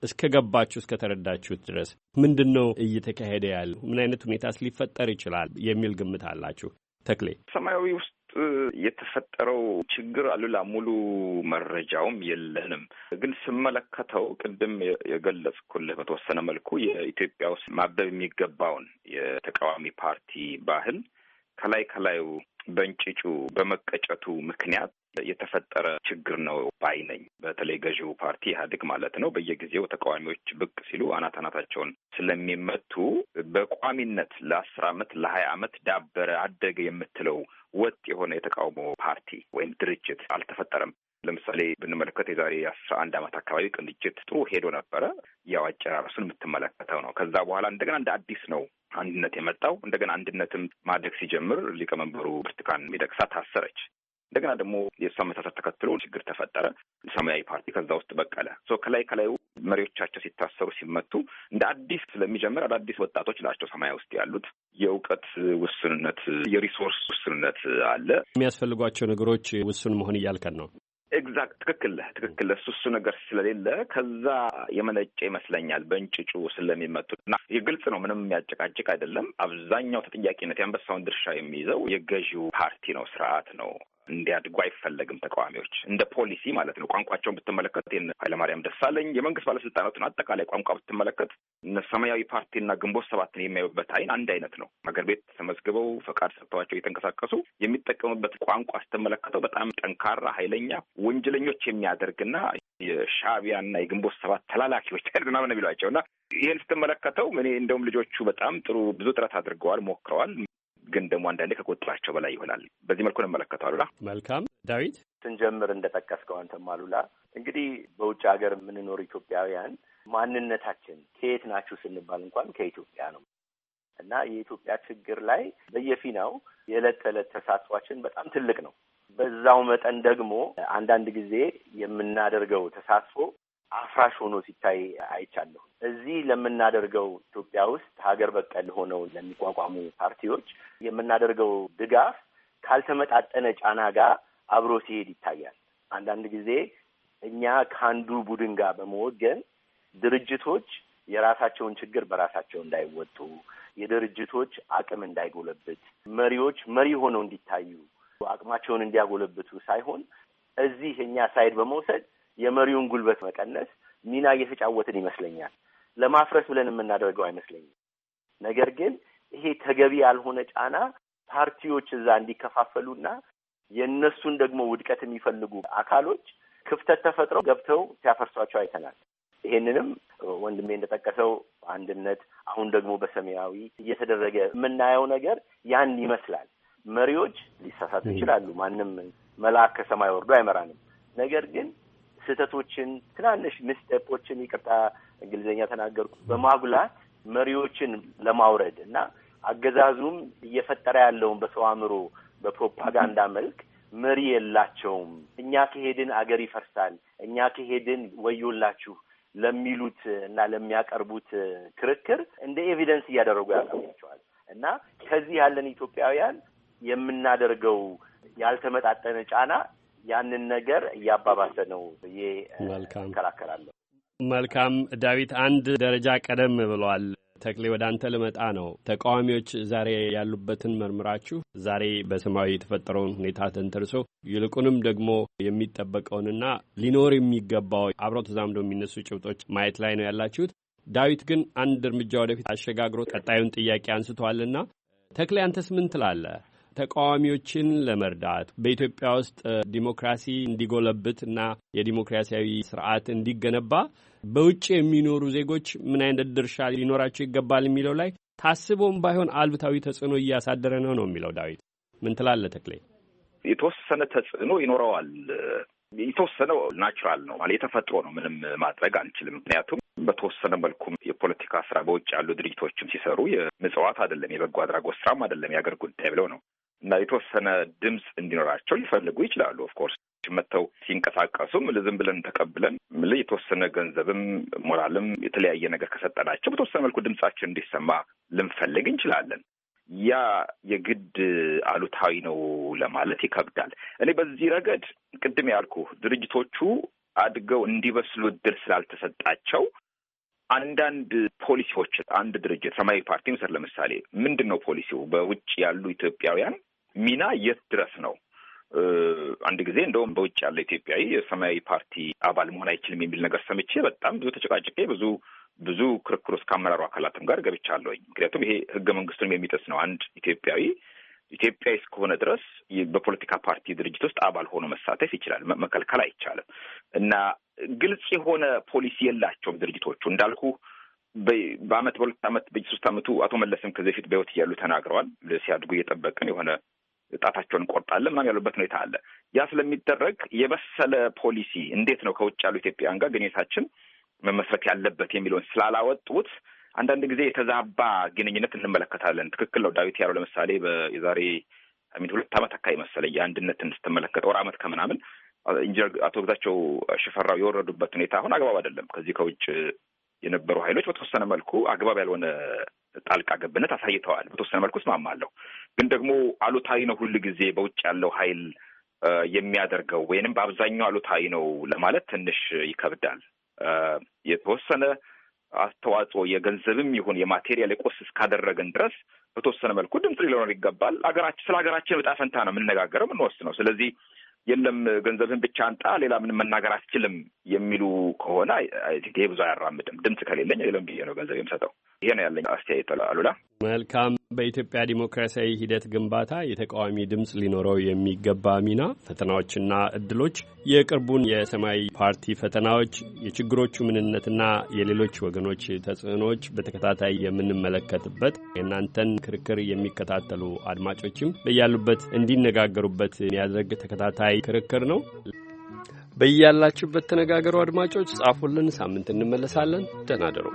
Speaker 3: እስከ ገባችሁ እስከ ተረዳችሁት ድረስ ምንድን ነው እየተካሄደ ያለ? ምን አይነት ሁኔታስ ሊፈጠር ይችላል የሚል ግምት አላችሁ? ተክሌ
Speaker 9: ሰማያዊ ውስጥ የተፈጠረው ችግር አሉላ ሙሉ መረጃውም የለንም። ግን ስመለከተው ቅድም የገለጽኩልህ በተወሰነ መልኩ የኢትዮጵያ ውስጥ ማበብ የሚገባውን የተቃዋሚ ፓርቲ ባህል ከላይ ከላዩ በእንጭጩ በመቀጨቱ ምክንያት የተፈጠረ ችግር ነው ባይ ነኝ። በተለይ ገዢው ፓርቲ ኢህአዴግ ማለት ነው በየጊዜው ተቃዋሚዎች ብቅ ሲሉ አናት አናታቸውን ስለሚመቱ በቋሚነት ለአስር አመት ለሀያ አመት ዳበረ አደገ የምትለው ወጥ የሆነ የተቃውሞ ፓርቲ ወይም ድርጅት አልተፈጠረም። ለምሳሌ ብንመለከት የዛሬ አስራ አንድ አመት አካባቢ ቅንጅት ጥሩ ሄዶ ነበረ። ያው አጨራረሱን የምትመለከተው ነው። ከዛ በኋላ እንደገና እንደ አዲስ ነው አንድነት የመጣው። እንደገና አንድነትም ማደግ ሲጀምር ሊቀመንበሩ ብርቱካን ሚደቅሳ ታሰረች። እንደገና ደግሞ የእሷ መሳሳት ተከትሎ ችግር ተፈጠረ። ሰማያዊ ፓርቲ ከዛ ውስጥ በቀለ ከላይ ከላዩ መሪዎቻቸው ሲታሰሩ ሲመቱ እንደ አዲስ ስለሚጀምር አዳዲስ ወጣቶች ናቸው ሰማያ ውስጥ ያሉት። የእውቀት ውስንነት፣ የሪሶርስ ውስንነት አለ።
Speaker 3: የሚያስፈልጓቸው ነገሮች ውስን መሆን እያልከን ነው።
Speaker 9: ኤግዛክት ትክክል ትክክል። እሱ እሱ ነገር ስለሌለ ከዛ የመነጨ ይመስለኛል በእንጭጩ ስለሚመጡ እና የግልጽ ነው። ምንም የሚያጨቃጭቅ አይደለም። አብዛኛው ተጠያቂነት የአንበሳውን ድርሻ የሚይዘው የገዢው ፓርቲ ነው፣ ስርዓት ነው። እንዲያድጉ አይፈለግም። ተቃዋሚዎች እንደ ፖሊሲ ማለት ነው። ቋንቋቸውን ብትመለከት ኃይለማርያም ደሳለኝ የመንግስት ባለስልጣናቱን አጠቃላይ ቋንቋ ብትመለከት ሰማያዊ ፓርቲና ግንቦት ሰባትን የሚያዩበት አይን አንድ አይነት ነው። ሀገር ቤት ተመዝግበው ፈቃድ ሰጥተዋቸው የተንቀሳቀሱ የሚጠቀሙበት ቋንቋ ስትመለከተው በጣም ጠንካራ ኃይለኛ ወንጀለኞች የሚያደርግና የሻዕቢያና የግንቦት ሰባት ተላላኪዎች ምናምን የሚሏቸው እና ይህን ስትመለከተው እኔ እንደውም ልጆቹ በጣም ጥሩ ብዙ ጥረት አድርገዋል፣ ሞክረዋል።
Speaker 11: ግን ደግሞ አንዳንዴ ከቁጥራቸው በላይ ይሆናል። በዚህ መልኩ እንመለከተው። አሉላ
Speaker 3: መልካም ዳዊት
Speaker 11: ስንጀምር እንደጠቀስከው አንተም አሉላ እንግዲህ በውጭ ሀገር የምንኖር ኢትዮጵያውያን ማንነታችን ከየት ናችሁ ስንባል እንኳን ከኢትዮጵያ ነው እና የኢትዮጵያ ችግር ላይ በየፊናው የዕለት ተዕለት ተሳትፏችን በጣም ትልቅ ነው። በዛው መጠን ደግሞ አንዳንድ ጊዜ የምናደርገው ተሳትፎ አፍራሽ ሆኖ ሲታይ አይቻለሁ። እዚህ ለምናደርገው ኢትዮጵያ ውስጥ ሀገር በቀል ሆነው ለሚቋቋሙ ፓርቲዎች የምናደርገው ድጋፍ ካልተመጣጠነ ጫና ጋር አብሮ ሲሄድ ይታያል። አንዳንድ ጊዜ እኛ ከአንዱ ቡድን ጋር በመወገን ድርጅቶች የራሳቸውን ችግር በራሳቸው እንዳይወጡ፣ የድርጅቶች አቅም እንዳይጎለብት፣ መሪዎች መሪ ሆነው እንዲታዩ አቅማቸውን እንዲያጎለብቱ ሳይሆን እዚህ እኛ ሳይድ በመውሰድ የመሪውን ጉልበት መቀነስ ሚና እየተጫወትን ይመስለኛል። ለማፍረስ ብለን የምናደርገው አይመስለኝም። ነገር ግን ይሄ ተገቢ ያልሆነ ጫና ፓርቲዎች እዛ እንዲከፋፈሉና የእነሱን ደግሞ ውድቀት የሚፈልጉ አካሎች ክፍተት ተፈጥረው ገብተው ሲያፈርሷቸው አይተናል። ይሄንንም ወንድሜ እንደጠቀሰው አንድነት አሁን ደግሞ በሰማያዊ እየተደረገ የምናየው ነገር ያን ይመስላል። መሪዎች ሊሳሳቱ ይችላሉ። ማንም መልአክ ከሰማይ ወርዶ አይመራንም። ነገር ግን ስህተቶችን፣ ትናንሽ ምስጠቆችን ይቅርታ እንግሊዝኛ ተናገርኩ በማጉላት መሪዎችን ለማውረድ እና አገዛዙም እየፈጠረ ያለውን በሰው አእምሮ በፕሮፓጋንዳ መልክ መሪ የላቸውም፣ እኛ ከሄድን አገር ይፈርሳል፣ እኛ ከሄድን ወዮላችሁ ለሚሉት እና ለሚያቀርቡት ክርክር እንደ ኤቪደንስ እያደረጉ ያቀርቧቸዋል እና ከዚህ ያለን ኢትዮጵያውያን የምናደርገው ያልተመጣጠነ ጫና ያንን ነገር እያባባሰ ነው ብዬ እከላከላለሁ።
Speaker 3: መልካም ዳዊት፣ አንድ ደረጃ ቀደም ብለዋል። ተክሌ ወደ አንተ ልመጣ ነው። ተቃዋሚዎች ዛሬ ያሉበትን መርምራችሁ ዛሬ በሰማያዊ የተፈጠረውን ሁኔታ ተንተርሶ ይልቁንም ደግሞ የሚጠበቀውንና ሊኖር የሚገባው አብረው ተዛምዶ የሚነሱ ጭብጦች ማየት ላይ ነው ያላችሁት። ዳዊት ግን አንድ እርምጃ ወደፊት አሸጋግሮ ቀጣዩን ጥያቄ አንስተዋልና ተክሌ አንተስ ምን ትላለህ? ተቃዋሚዎችን ለመርዳት በኢትዮጵያ ውስጥ ዲሞክራሲ እንዲጎለብት እና የዲሞክራሲያዊ ስርዓት እንዲገነባ በውጭ የሚኖሩ ዜጎች ምን አይነት ድርሻ ሊኖራቸው ይገባል የሚለው ላይ ታስቦም ባይሆን አልብታዊ ተጽዕኖ እያሳደረ ነው ነው የሚለው ዳዊት ምን ትላለ ተክሌ?
Speaker 9: የተወሰነ ተጽዕኖ ይኖረዋል። የተወሰነው ናቹራል ነው ማለት የተፈጥሮ ነው። ምንም ማድረግ አንችልም። ምክንያቱም በተወሰነ መልኩም የፖለቲካ ስራ በውጭ ያሉ ድርጅቶችም ሲሰሩ የምጽዋት አይደለም የበጎ አድራጎት ስራም አይደለም የሀገር ጉዳይ ብለው ነው እና የተወሰነ ድምፅ እንዲኖራቸው ሊፈልጉ ይችላሉ። ኦፍኮርስ መጥተው ሲንቀሳቀሱም ዝም ብለን ተቀብለን ምል የተወሰነ ገንዘብም ሞራልም የተለያየ ነገር ከሰጠናቸው በተወሰነ መልኩ ድምፃችን እንዲሰማ ልንፈልግ እንችላለን። ያ የግድ አሉታዊ ነው ለማለት ይከብዳል። እኔ በዚህ ረገድ ቅድም ያልኩ ድርጅቶቹ አድገው እንዲበስሉ እድል ስላልተሰጣቸው አንዳንድ ፖሊሲዎች አንድ ድርጅት ሰማያዊ ፓርቲ ምስር ለምሳሌ ምንድን ነው ፖሊሲው? በውጭ ያሉ ኢትዮጵያውያን ሚና የት ድረስ ነው? አንድ ጊዜ እንደውም በውጭ ያለ ኢትዮጵያዊ የሰማያዊ ፓርቲ አባል መሆን አይችልም የሚል ነገር ሰምቼ በጣም ብዙ ተጨቃጭቄ ብዙ ብዙ ክርክር ውስጥ ከአመራሩ አካላትም ጋር ገብቻለሁኝ። ምክንያቱም ይሄ ህገ መንግስቱንም የሚጥስ ነው። አንድ ኢትዮጵያዊ ኢትዮጵያዊ እስከሆነ ድረስ በፖለቲካ ፓርቲ ድርጅት ውስጥ አባል ሆኖ መሳተፍ ይችላል። መከልከል አይቻልም እና ግልጽ የሆነ ፖሊሲ የላቸውም ድርጅቶቹ እንዳልኩ በአመት በሁለት አመት በሶስት አመቱ አቶ መለስም ከዚህ በፊት በህይወት እያሉ ተናግረዋል። ሲያድጉ እየጠበቅን የሆነ ጣታቸውን እንቆርጣለን ምናምን ያሉበት ሁኔታ አለ። ያ ስለሚደረግ የበሰለ ፖሊሲ እንዴት ነው ከውጭ ያሉ ኢትዮጵያውያን ጋር ግንኙነታችን መመስረት ያለበት የሚለውን ስላላወጡት አንዳንድ ጊዜ የተዛባ ግንኙነት እንመለከታለን። ትክክል ነው ዳዊት ያለው። ለምሳሌ የዛሬ ሚን ሁለት ዓመት አካባቢ መሰለኝ የአንድነትን ስትመለከት ወር ዓመት ከምናምን ኢንጂነር አቶ ግዛቸው ሽፈራው የወረዱበት ሁኔታ አሁን አግባብ አይደለም። ከዚህ ከውጭ የነበሩ ኃይሎች በተወሰነ መልኩ አግባብ ያልሆነ ጣልቃ ገብነት አሳይተዋል። በተወሰነ መልኩ እስማማለሁ። ግን ደግሞ አሉታዊ ነው ሁል ጊዜ በውጭ ያለው ኃይል የሚያደርገው ወይንም በአብዛኛው አሉታዊ ነው ለማለት ትንሽ ይከብዳል። የተወሰነ አስተዋጽኦ የገንዘብም ይሁን የማቴሪያል የቆስ እስካደረግን ድረስ በተወሰነ መልኩ ድምፅ ሊኖር ይገባል። አገራችን ስለ ሀገራችን ዕጣ ፈንታ ነው የምንነጋገረው የምንወስነው። ስለዚህ የለም ገንዘብህን ብቻ አንጣ፣ ሌላ ምንም መናገር አትችልም የሚሉ ከሆነ ይሄ ብዙ አያራምድም። ድምፅ ከሌለኝ የለም ብዬ ነው ገንዘብ የምሰጠው። ይሄ ነው ያለኝ አስተያየት። አሉላ
Speaker 3: መልካም። በኢትዮጵያ ዲሞክራሲያዊ ሂደት ግንባታ የተቃዋሚ ድምፅ ሊኖረው የሚገባ ሚና፣ ፈተናዎችና እድሎች፣ የቅርቡን የሰማያዊ ፓርቲ ፈተናዎች፣ የችግሮቹ ምንነትና የሌሎች ወገኖች ተጽዕኖዎች በተከታታይ የምንመለከትበት የእናንተን ክርክር የሚከታተሉ አድማጮችም በያሉበት እንዲነጋገሩበት የሚያደርግ ተከታታይ ክርክር ነው። በያላችሁበት ተነጋገሩ አድማጮች፣ ጻፉልን። ሳምንት እንመለሳለን። ደህና ደሩ።